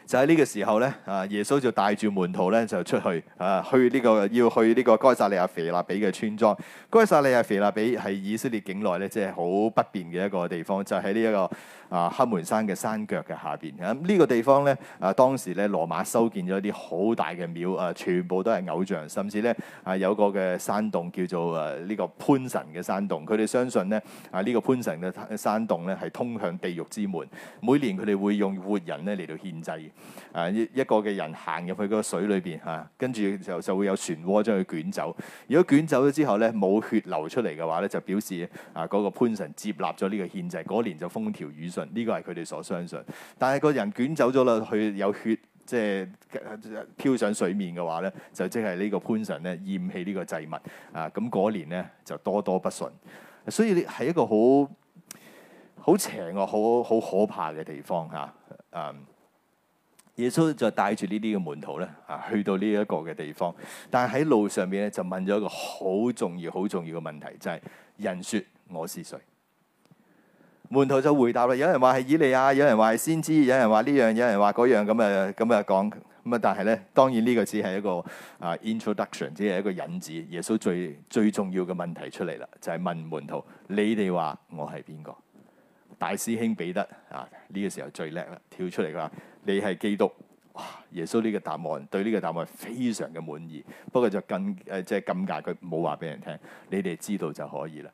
就喺呢個時候咧，啊，耶穌就帶住門徒咧，就出去啊，去呢、這個要去呢個該撒利亞腓立比嘅村莊。該撒利亞腓立比係以色列境內咧，即係好不便嘅一個地方，就喺呢一個。啊，黑門山嘅山腳嘅下邊，咁、啊、呢、這個地方咧，啊當時咧羅馬修建咗一啲好大嘅廟，啊全部都係偶像，甚至咧啊，啊有個嘅山洞叫做啊呢、這個潘神嘅山洞，佢哋相信咧啊呢、這個潘神嘅山洞咧係通向地獄之門，每年佢哋會用活人咧嚟到獻祭，啊一一個嘅人行入去個水裏邊嚇，跟、啊、住就就會有漩渦將佢捲走，如果捲走咗之後咧冇血流出嚟嘅話咧，就表示啊嗰、啊啊啊啊那個潘神接納咗呢個獻祭，嗰年就風調雨。信呢個係佢哋所相信，但係個人捲走咗啦，佢有血即係漂上水面嘅話咧，就即係呢個潘神咧厭棄呢個祭物啊！咁嗰年咧就多多不順，所以係一個好好邪惡、好好可怕嘅地方嚇。嗯、啊，耶穌就帶住呢啲嘅門徒咧啊，去到呢一個嘅地方，但係喺路上邊咧就問咗一個好重要、好重要嘅問題，就係、是、人說我是誰？門徒就回答啦，有人話係以利亞，有人話係先知，有人話呢樣，有人話嗰樣，咁啊咁啊講，咁啊但係咧，當然呢個只係一個啊 introduction，只係一個引子。耶穌最最重要嘅問題出嚟啦，就係、是、問門徒：你哋話我係邊個？大師兄彼得啊，呢、這個時候最叻啦，跳出嚟話：你係基督。哇、啊！耶穌呢個答案對呢個答案非常嘅滿意，不過就更誒即係尷尬，佢冇話俾人聽，你哋知道就可以啦。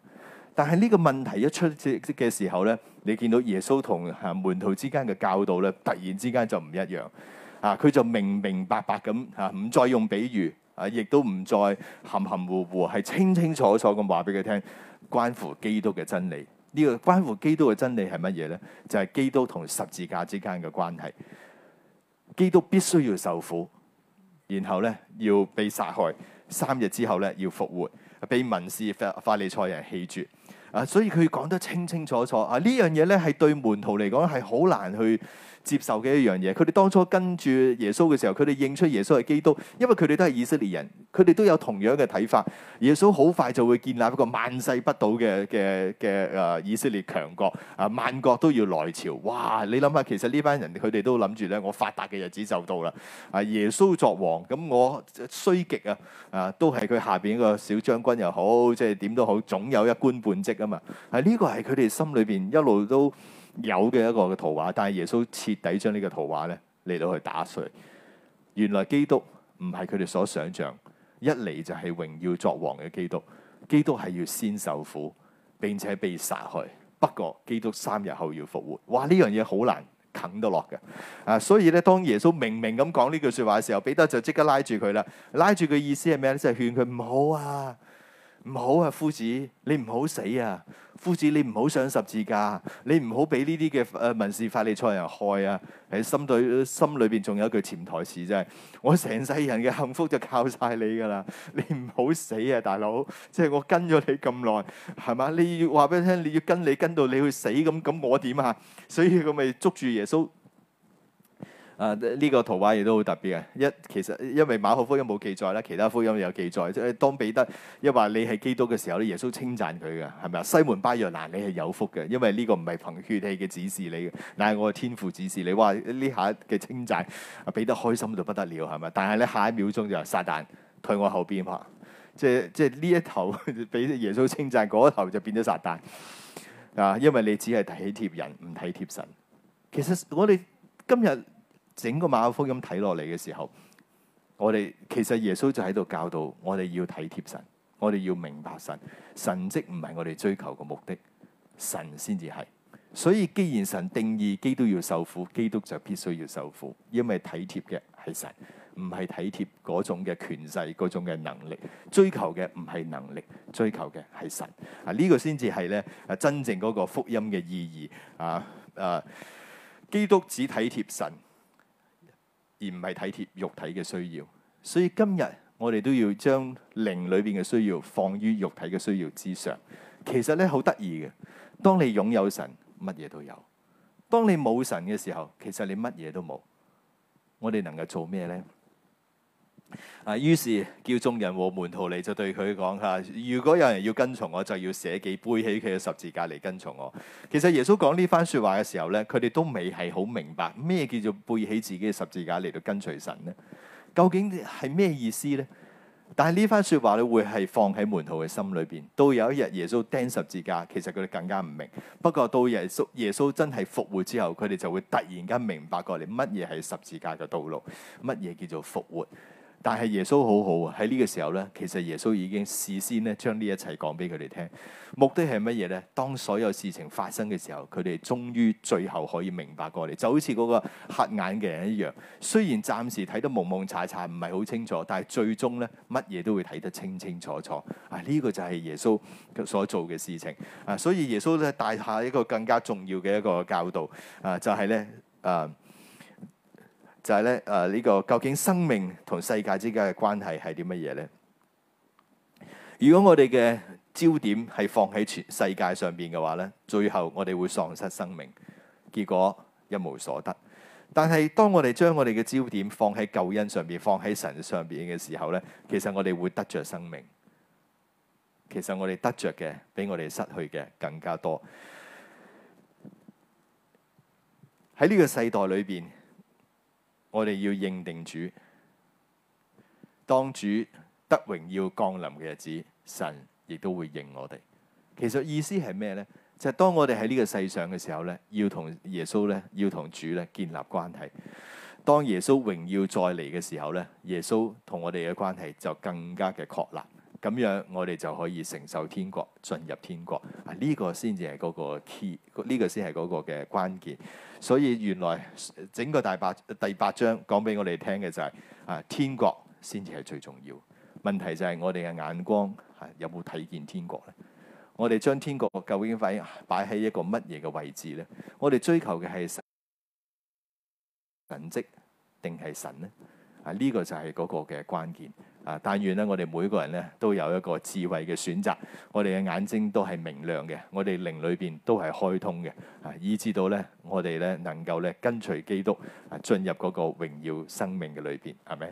但係呢個問題一出嘅時候咧，你見到耶穌同門徒之間嘅教導咧，突然之間就唔一樣啊！佢就明明白白咁啊，唔再用比喻啊，亦都唔再含含糊糊，係清清楚楚咁話俾佢聽，關乎基督嘅真理。呢個關乎基督嘅真理係乜嘢咧？就係基督同十字架之間嘅關係。基督必須要受苦，然後咧要被殺害，三日之後咧要復活，被文士法利賽人棄絕。啊！所以佢講得清清楚楚啊！呢樣嘢咧係對門徒嚟講係好難去接受嘅一樣嘢，佢哋當初跟住耶穌嘅時候，佢哋認出耶穌係基督，因為佢哋都係以色列人，佢哋都有同樣嘅睇法。耶穌好快就會建立一個萬世不倒嘅嘅嘅啊以色列強國啊，萬國都要來朝。哇！你諗下，其實呢班人佢哋都諗住咧，我發達嘅日子就到啦。啊，耶穌作王，咁我衰極啊啊，都係佢下邊一個小將軍又好，即係點都好，總有一官半職啊嘛。啊，呢個係佢哋心裏邊一路都。有嘅一個嘅圖畫，但係耶穌徹底將呢個圖畫咧嚟到去打碎。原來基督唔係佢哋所想象，一嚟就係榮耀作王嘅基督。基督係要先受苦，並且被殺害。不過基督三日後要復活。哇！呢樣嘢好難啃得落嘅啊！所以咧，當耶穌明明咁講呢句說話嘅時候，彼得就即刻拉住佢啦，拉住佢意思係咩咧？即係勸佢唔好啊，唔好啊，夫子，你唔好死啊！夫子，你唔好上十字架，你唔好俾呢啲嘅誒民事法理錯人害啊！喺心對心裏邊仲有一句潛台詞就係：我成世人嘅幸福就靠晒你㗎啦！你唔好死啊，大佬！即係我跟咗你咁耐，係嘛？你要話俾你聽，你要跟你跟到你去死咁，咁我點啊？所以佢咪捉住耶穌。啊！呢、這個圖畫亦都好特別啊。一，其實因為馬可福音冇記載啦，其他福音有記載。即係當彼得一話你係基督嘅時候咧，耶穌稱讚佢嘅係咪啊？西門巴約拿，你係有福嘅，因為呢個唔係憑血氣嘅指示你嘅，乃係我嘅天父指示你。哇！呢下嘅稱讚啊，彼得開心到不得了係咪？但係咧，下一秒鐘就撒旦退我後邊啊！即係即係呢一頭俾 *laughs* 耶穌稱讚，嗰一頭就變咗撒旦啊！因為你只係睇貼人唔睇貼神。其實我哋今日。整個馬可福音睇落嚟嘅時候，我哋其實耶穌就喺度教導我哋要體貼神，我哋要明白神神蹟唔係我哋追求嘅目的，神先至係。所以既然神定義基督要受苦，基督就必須要受苦，因為體貼嘅係神，唔係體貼嗰種嘅權勢，嗰種嘅能力追求嘅唔係能力，追求嘅係神啊。這個、呢個先至係咧啊，真正嗰個福音嘅意義啊。誒、啊，基督只體貼神。而唔係體貼肉體嘅需要，所以今日我哋都要將靈裏邊嘅需要放於肉體嘅需要之上。其實咧好得意嘅，當你擁有神，乜嘢都有；當你冇神嘅時候，其實你乜嘢都冇。我哋能夠做咩呢？啊！於是叫眾人和門徒嚟，就對佢講：吓，如果有人要跟從我，就要捨己背起佢嘅十字架嚟跟從我。其實耶穌講呢番說話嘅時候咧，佢哋都未係好明白咩叫做背起自己嘅十字架嚟到跟隨神咧？究竟係咩意思呢？但係呢番說話咧會係放喺門徒嘅心裏邊，到有一日耶穌釘十字架，其實佢哋更加唔明。不過到耶穌耶穌真係復活之後，佢哋就會突然間明白過嚟乜嘢係十字架嘅道路，乜嘢叫做復活。但係耶穌好好啊！喺呢個時候咧，其實耶穌已經事先咧將呢一切講俾佢哋聽。目的係乜嘢咧？當所有事情發生嘅時候，佢哋終於最後可以明白過嚟，就好似嗰個瞎眼嘅人一樣。雖然暫時睇得朦朦朧朧，查查唔係好清楚，但係最終咧，乜嘢都會睇得清清楚楚。啊，呢個就係耶穌所做嘅事情。啊，所以耶穌咧帶下一個更加重要嘅一個教導啊，就係咧啊。就係咧，誒呢個究竟生命同世界之間嘅關係係啲乜嘢呢？如果我哋嘅焦點係放喺全世界上邊嘅話呢，最後我哋會喪失生命，結果一無所得。但係當我哋將我哋嘅焦點放喺救恩上邊，放喺神上邊嘅時候呢，其實我哋會得着生命。其實我哋得着嘅比我哋失去嘅更加多，喺呢個世代裏邊。我哋要認定主，當主得榮耀降臨嘅日子，神亦都會認我哋。其實意思係咩呢？就係當我哋喺呢個世上嘅時候呢，要同耶穌呢，要同主咧建立關係。當耶穌榮耀再嚟嘅時候呢，耶穌同我哋嘅關係就更加嘅確立。咁樣我哋就可以承受天國，進入天國。呢個先至係嗰個 key，呢個先係嗰個嘅關鍵。所以原來整個第八第八章講俾我哋聽嘅就係、是、啊天國先至係最重要。問題就係我哋嘅眼光係、啊、有冇睇見天國咧？我哋將天國究竟擺擺喺一個乜嘢嘅位置咧？我哋追求嘅係神跡定係神咧？啊呢、這個就係嗰個嘅關鍵。啊！但願咧，我哋每個人咧都有一個智慧嘅選擇。我哋嘅眼睛都係明亮嘅，我哋靈裏邊都係開通嘅。啊，以至到咧，我哋咧能夠咧跟隨基督啊，進入嗰個榮耀生命嘅裏邊。阿門。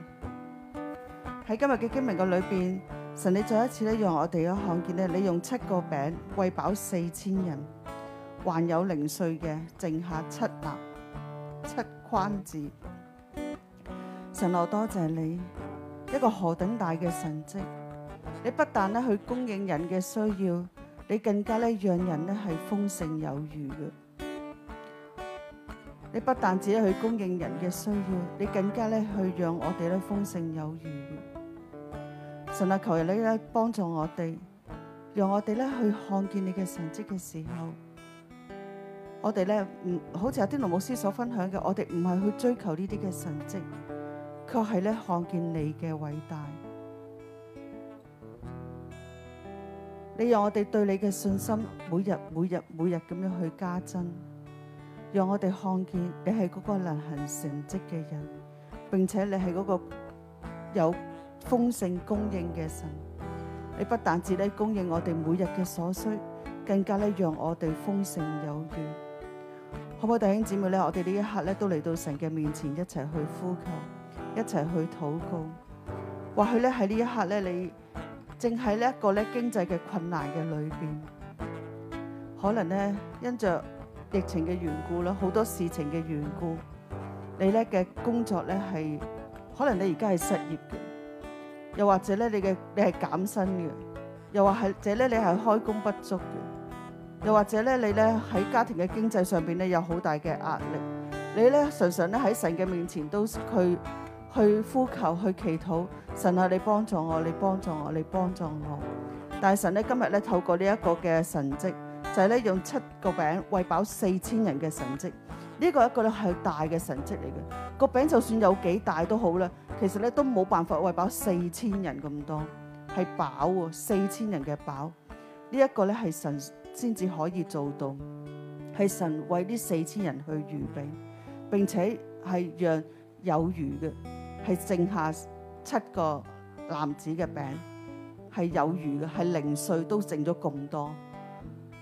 喺今日嘅經文嘅裏邊，神你再一次咧讓我哋一看見咧，你用七個餅餵飽四千人，還有零碎嘅，剩下七立、七筐子。神哦，多謝你一個何等大嘅神蹟，你不但呢去供應人嘅需要，你更加呢讓人呢係豐盛有餘嘅。你不但只咧去供應人嘅需要，你更加呢去讓我哋咧豐盛有餘。神啊，求你咧幫助我哋，讓我哋咧去看見你嘅神蹟嘅時候，我哋咧唔好似阿丁羅姆斯所分享嘅，我哋唔係去追求呢啲嘅神蹟，卻係咧看見你嘅偉大。你讓我哋對你嘅信心每日每日每日咁樣去加增，讓我哋看見你係嗰個能行神蹟嘅人，並且你係嗰個有豐盛供應嘅神，你不但只咧供應我哋每日嘅所需，更加咧讓我哋豐盛有餘。好唔好，弟兄姊妹咧？我哋呢一刻咧都嚟到神嘅面前一齊去呼求，一齊去禱告。或許咧喺呢一刻咧，你正喺呢一個咧經濟嘅困難嘅裏邊，可能咧因着疫情嘅緣故啦，好多事情嘅緣故，你咧嘅工作咧係可能你而家係失業嘅。又或者咧，你嘅你係減薪嘅，又或係者咧，你係開工不足嘅，又或者咧，你咧喺家庭嘅經濟上邊咧有好大嘅壓力，你咧常常咧喺神嘅面前都去去呼求去祈禱，神啊，你幫助我，你幫助我，你幫助我。但神咧今日咧透過呢一個嘅神蹟，就係咧用七個餅餵飽四千人嘅神蹟，呢個一個咧係大嘅神蹟嚟嘅。個餅就算有幾大都好啦，其實咧都冇辦法餵飽四千人咁多，係飽喎，哦，四千人嘅飽。這個，呢一個咧係神先至可以做到，係神為呢四千人去預備，並且係讓有餘嘅，係剩下七個男子嘅餅，係有餘嘅，係零碎都剩咗咁多。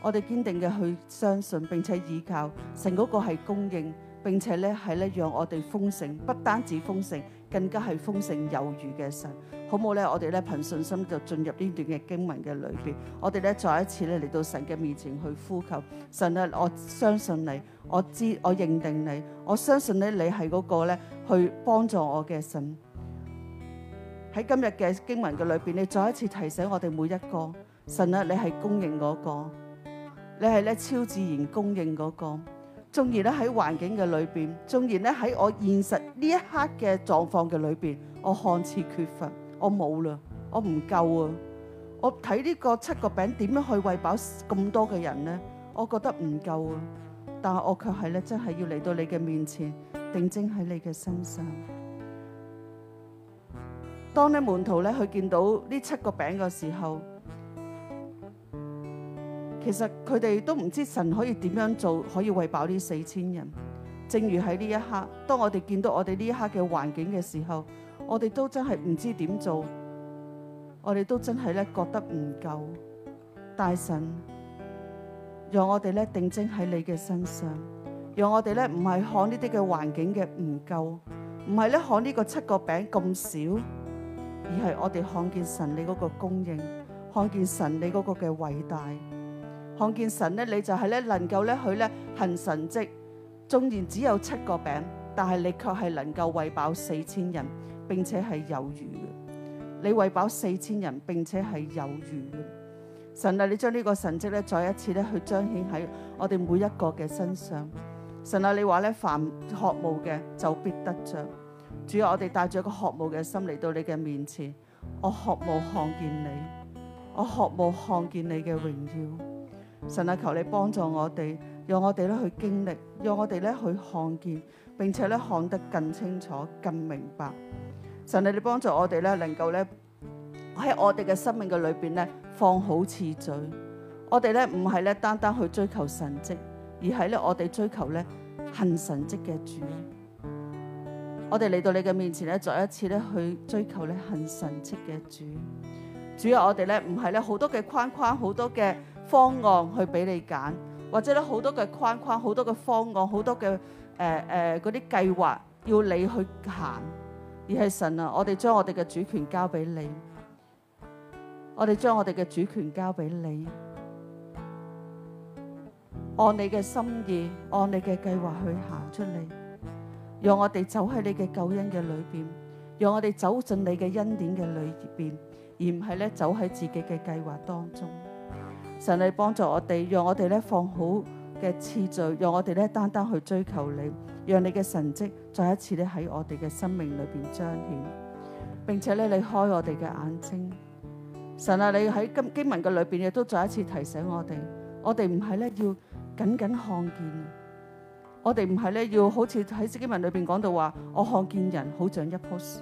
我哋堅定嘅去相信，並且依靠成嗰個係供應。並且咧，係咧，讓我哋豐盛，不單止豐盛，更加係豐盛有餘嘅神，好冇咧？我哋咧憑信心就進入呢段嘅經文嘅裏邊，我哋咧再一次咧嚟到神嘅面前去呼求，神啊，我相信你，我知，我認定你，我相信咧你係嗰個咧去幫助我嘅神。喺今日嘅經文嘅裏邊，你再一次提醒我哋每一個，神啊，你係供應嗰個，你係咧超自然供應嗰個。縱然咧喺環境嘅裏邊，縱然咧喺我現實呢一刻嘅狀況嘅裏邊，我看似缺乏，我冇啦，我唔夠啊！我睇呢個七個餅點樣去餵飽咁多嘅人咧？我覺得唔夠啊！但係我卻係咧，真係要嚟到你嘅面前，定睛喺你嘅身上。當你門徒咧，去見到呢七個餅嘅時候，其實佢哋都唔知神可以點樣做，可以餵飽呢四千人。正如喺呢一刻，當我哋見到我哋呢一刻嘅環境嘅時候，我哋都真係唔知點做，我哋都真係咧覺得唔夠。大神，讓我哋咧定睛喺你嘅身上，讓我哋咧唔係看呢啲嘅環境嘅唔夠，唔係咧看呢個七個餅咁少，而係我哋看見神你嗰個供應，看見神你嗰個嘅偉大。看見神咧，你就係咧能夠咧去咧行神跡。縱然只有七個餅，但係你卻係能夠餵飽四千人，並且係有餘嘅。你餵飽四千人，並且係有餘嘅。神啊，你將呢個神跡咧，再一次咧去彰顯喺我哋每一個嘅身上。神啊，你話咧，凡渴慕嘅就必得着。主要我哋帶住一個渴慕嘅心嚟到你嘅面前。我渴慕看見你，我渴慕看見你嘅榮耀。神啊！求你幫助我哋，讓我哋咧去經歷，讓我哋咧去看見，並且咧看得更清楚、更明白。神，你你幫助我哋咧，能夠咧喺我哋嘅生命嘅裏邊咧放好次序。我哋咧唔係咧單單去追求神跡，而係咧我哋追求咧行神跡嘅主。我哋嚟到你嘅面前咧，再一次咧去追求咧行神跡嘅主。主要我哋咧唔係咧好多嘅框框，好多嘅方案去俾你揀，或者咧好多嘅框框，好多嘅方案，好多嘅誒誒嗰啲計劃要你去行，而係神啊！我哋將我哋嘅主權交俾你，我哋將我哋嘅主權交俾你，按你嘅心意，按你嘅計劃去行出嚟，讓我哋走喺你嘅救恩嘅裏邊，讓我哋走進你嘅恩典嘅裏邊，而唔係咧走喺自己嘅計劃當中。神你幫助我哋，讓我哋咧放好嘅次序，讓我哋咧單單去追求你，讓你嘅神蹟再一次咧喺我哋嘅生命裏邊彰顯，並且咧你開我哋嘅眼睛。神啊，你喺今經文嘅裏邊亦都再一次提醒我哋，我哋唔係咧要僅僅看見，我哋唔係咧要好似喺《聖經》文裏邊講到話，我看見人好像一棵樹，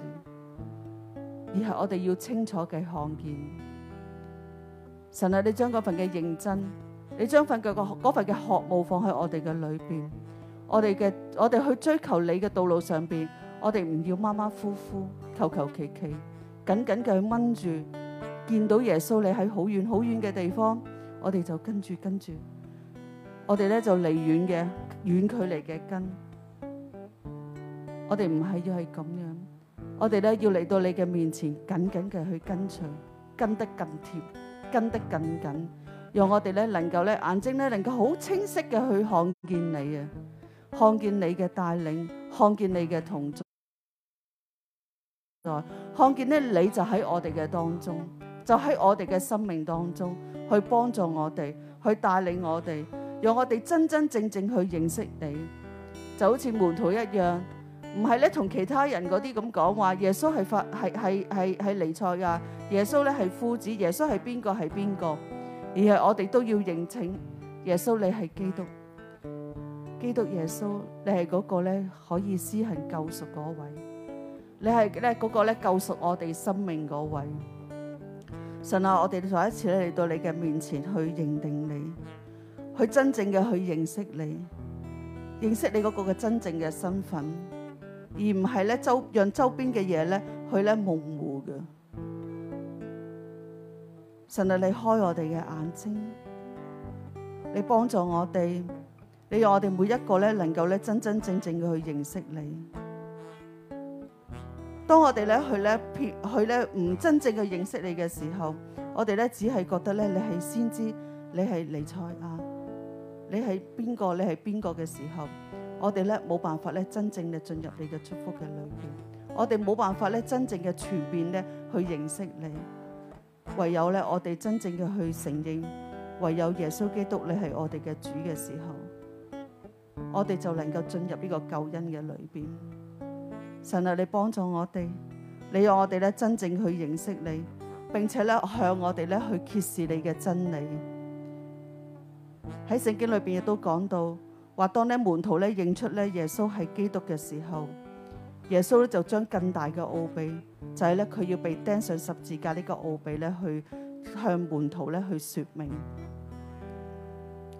而係我哋要清楚嘅看見。神啊！你將嗰份嘅認真，你將份嘅個嗰份嘅學務放喺我哋嘅裏邊，我哋嘅我哋去追求你嘅道路上邊，我哋唔要馬馬虎虎、求求其其，緊緊嘅去掹住，見到耶穌你喺好遠好遠嘅地方，我哋就跟住跟住，我哋咧就離遠嘅遠距離嘅跟，我哋唔係要係咁樣，我哋咧要嚟到你嘅面前，緊緊嘅去跟隨，跟得更貼。跟得緊緊，讓我哋咧能夠咧眼睛咧能夠好清晰嘅去看見你啊，看見你嘅帶領，看見你嘅同在，看見咧你就喺我哋嘅當中，就喺我哋嘅生命當中去幫助我哋，去帶領我哋，讓我哋真真正正去認識你，就好似門徒一樣。唔係咧，同其他人嗰啲咁講話，耶穌係法係係係係彌賽亞，耶穌咧係夫子，耶穌係邊個係邊個，而係我哋都要認清耶穌你係基督，基督耶穌你係嗰個咧可以施行救贖嗰位，你係咧嗰個咧救贖我哋生命嗰位。神啊，我哋再一次咧嚟到你嘅面前去認定你，去真正嘅去認識你，認識你嗰個嘅真正嘅身份。而唔係咧周讓周邊嘅嘢咧，去咧模糊嘅。神啊，你開我哋嘅眼睛，你幫助我哋，你讓我哋每一個咧能夠咧真真正正嘅去認識你。當我哋咧去咧撇去咧唔真正去認識你嘅時候，我哋咧只係覺得咧你係先知，你係彌賽亞啊，你係邊個，你係邊個嘅時候？我哋咧冇辦法咧真正嘅進入你嘅祝福嘅裏邊，我哋冇辦法咧真正嘅全面咧去認識你。唯有咧我哋真正嘅去承認，唯有耶穌基督你係我哋嘅主嘅時候，我哋就能夠進入呢個救恩嘅裏邊。神啊，你幫助我哋，你讓我哋咧真正去認識你，並且咧向我哋咧去揭示你嘅真理。喺聖經裏邊亦都講到。話當咧門徒咧認出咧耶穌係基督嘅時候，耶穌咧就將更大嘅奧秘，就係咧佢要被釘上十字架呢個奧秘咧，去向門徒咧去說明，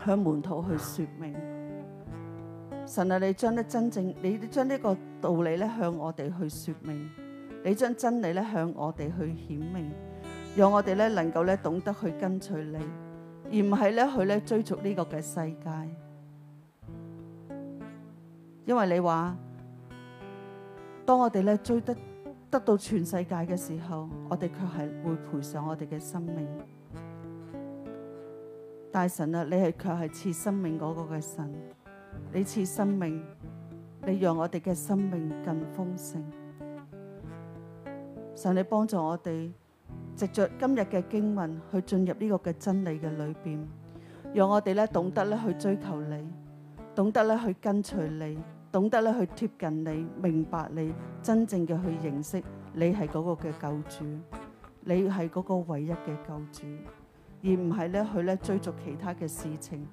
向門徒去說明。神啊，你將咧真正，你將呢個道理咧向我哋去說明，你將真理咧向我哋去顯明，讓我哋咧能夠咧懂得去跟隨你，而唔係咧去咧追逐呢個嘅世界。因為你話，當我哋咧追得得到全世界嘅時候，我哋卻係會賠上我哋嘅生命。大神啊，你係卻係賜生命嗰個嘅神，你賜生命，你讓我哋嘅生命更豐盛。神，你幫助我哋，藉着今日嘅經文去進入呢個嘅真理嘅裏邊，讓我哋咧懂得咧去追求你，懂得咧去跟隨你。懂得咧去貼近你，明白你真正嘅去認識你係嗰個嘅救主，你係嗰個唯一嘅救主，而唔係咧去咧追逐其他嘅事情，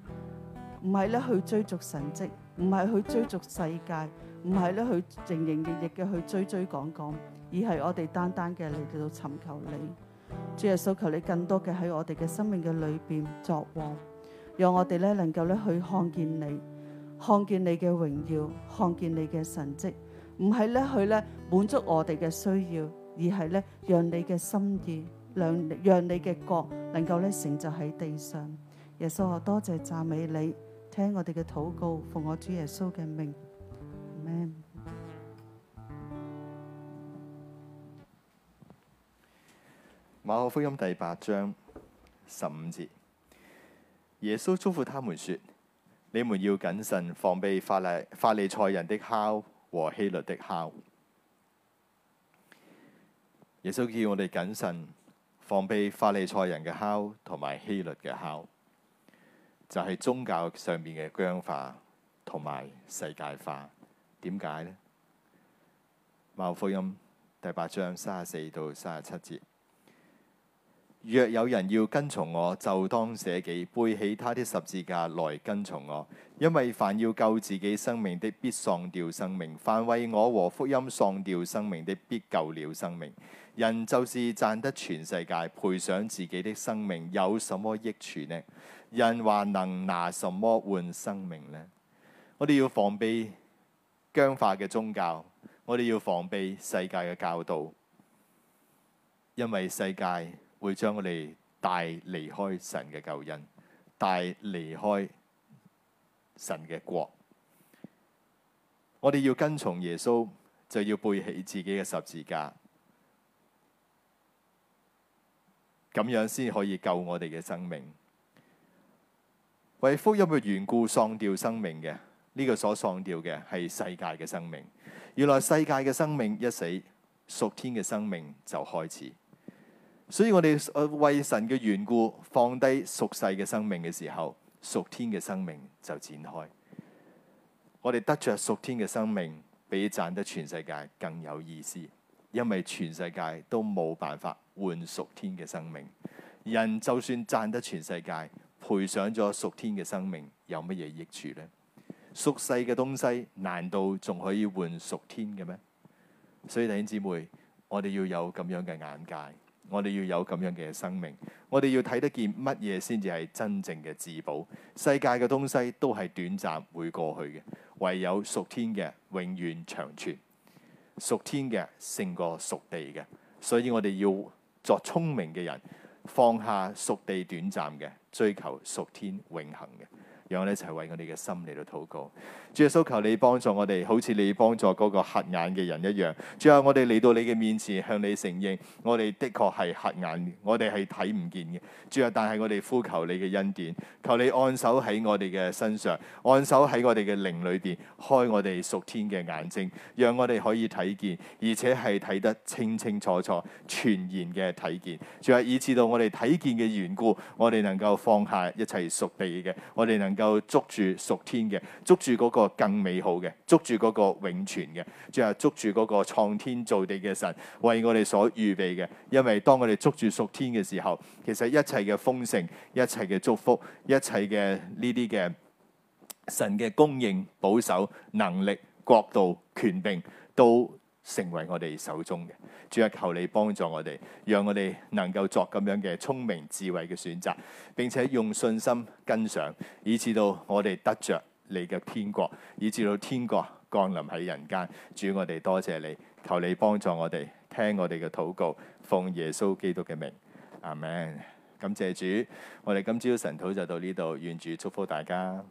唔係咧去追逐神蹟，唔係去追逐世界，唔係咧去營營役役嘅去追追趕趕，而係我哋單單嘅嚟到尋求你，主耶穌，求你更多嘅喺我哋嘅生命嘅裏邊作王，讓我哋咧能夠咧去看見你。看見你嘅榮耀，看見你嘅神蹟，唔係呢佢呢滿足我哋嘅需要，而係呢讓你嘅心意，讓讓你嘅國能夠呢成就喺地上。耶穌我多謝讚美你，聽我哋嘅禱告，奉我主耶穌嘅名。馬可福音第八章十五節，耶穌囑咐他們說。你們要謹慎，防備法利法利賽人的酵和希律的酵。耶穌叫我哋謹慎，防備法利賽人嘅酵同埋希律嘅酵，就係、是、宗教上面嘅僵化同埋世界化。點解呢？馬可福音第八章三十四到三十七節。若有人要跟從我，就當捨己，背起他的十字架來跟從我。因為凡要救自己生命的，必喪掉生命；凡為我和福音喪掉生命的，必救了生命。人就是賺得全世界，賠上自己的生命，有什麼益處呢？人還能拿什麼換生命呢？我哋要防備僵化嘅宗教，我哋要防備世界嘅教導，因為世界，會將我哋帶離開神嘅救恩，帶離開神嘅國。我哋要跟從耶穌，就要背起自己嘅十字架，咁樣先可以救我哋嘅生命。為福音嘅緣故喪掉生命嘅，呢個所喪掉嘅係世界嘅生命。原來世界嘅生命一死，屬天嘅生命就開始。所以我哋誒為神嘅緣故放低屬世嘅生命嘅時候，屬天嘅生命就展開。我哋得着屬天嘅生命，比賺得全世界更有意思，因為全世界都冇辦法換屬天嘅生命。人就算賺得全世界，賠上咗屬天嘅生命，有乜嘢益處呢？屬世嘅東西難道仲可以換屬天嘅咩？所以弟兄姊妹，我哋要有咁樣嘅眼界。我哋要有咁樣嘅生命，我哋要睇得見乜嘢先至係真正嘅至寶。世界嘅東西都係短暫，會過去嘅；唯有屬天嘅永遠長存，屬天嘅勝過屬地嘅。所以我哋要作聰明嘅人，放下屬地短暫嘅，追求屬天永恆嘅。然後一齊為我哋嘅心嚟到禱告。主耶穌，求你幫助我哋，好似你幫助嗰個瞎眼嘅人一樣。主啊，我哋嚟到你嘅面前向你承認，我哋的確係瞎眼，我哋係睇唔見嘅。主啊，但係我哋呼求你嘅恩典，求你按手喺我哋嘅身上，按手喺我哋嘅靈裏邊，開我哋屬天嘅眼睛，讓我哋可以睇見，而且係睇得清清楚楚、全然嘅睇見。主啊，以至到我哋睇見嘅緣故，我哋能夠放下一切屬地嘅，我哋能夠捉住屬天嘅，捉住嗰個更美好嘅，捉住嗰個永存嘅，最後捉住嗰個創天造地嘅神為我哋所預備嘅。因為當我哋捉住屬天嘅時候，其實一切嘅豐盛、一切嘅祝福、一切嘅呢啲嘅神嘅供應、保守能力、國度權柄都。成為我哋手中嘅。主啊，求你幫助我哋，讓我哋能夠作咁樣嘅聰明智慧嘅選擇，並且用信心跟上，以致到我哋得着你嘅天國，以致到天國降臨喺人間。主，我哋多謝你，求你幫助我哋，聽我哋嘅禱告，奉耶穌基督嘅名，阿門。感謝主，我哋今朝晨禱就到呢度，願主祝福大家。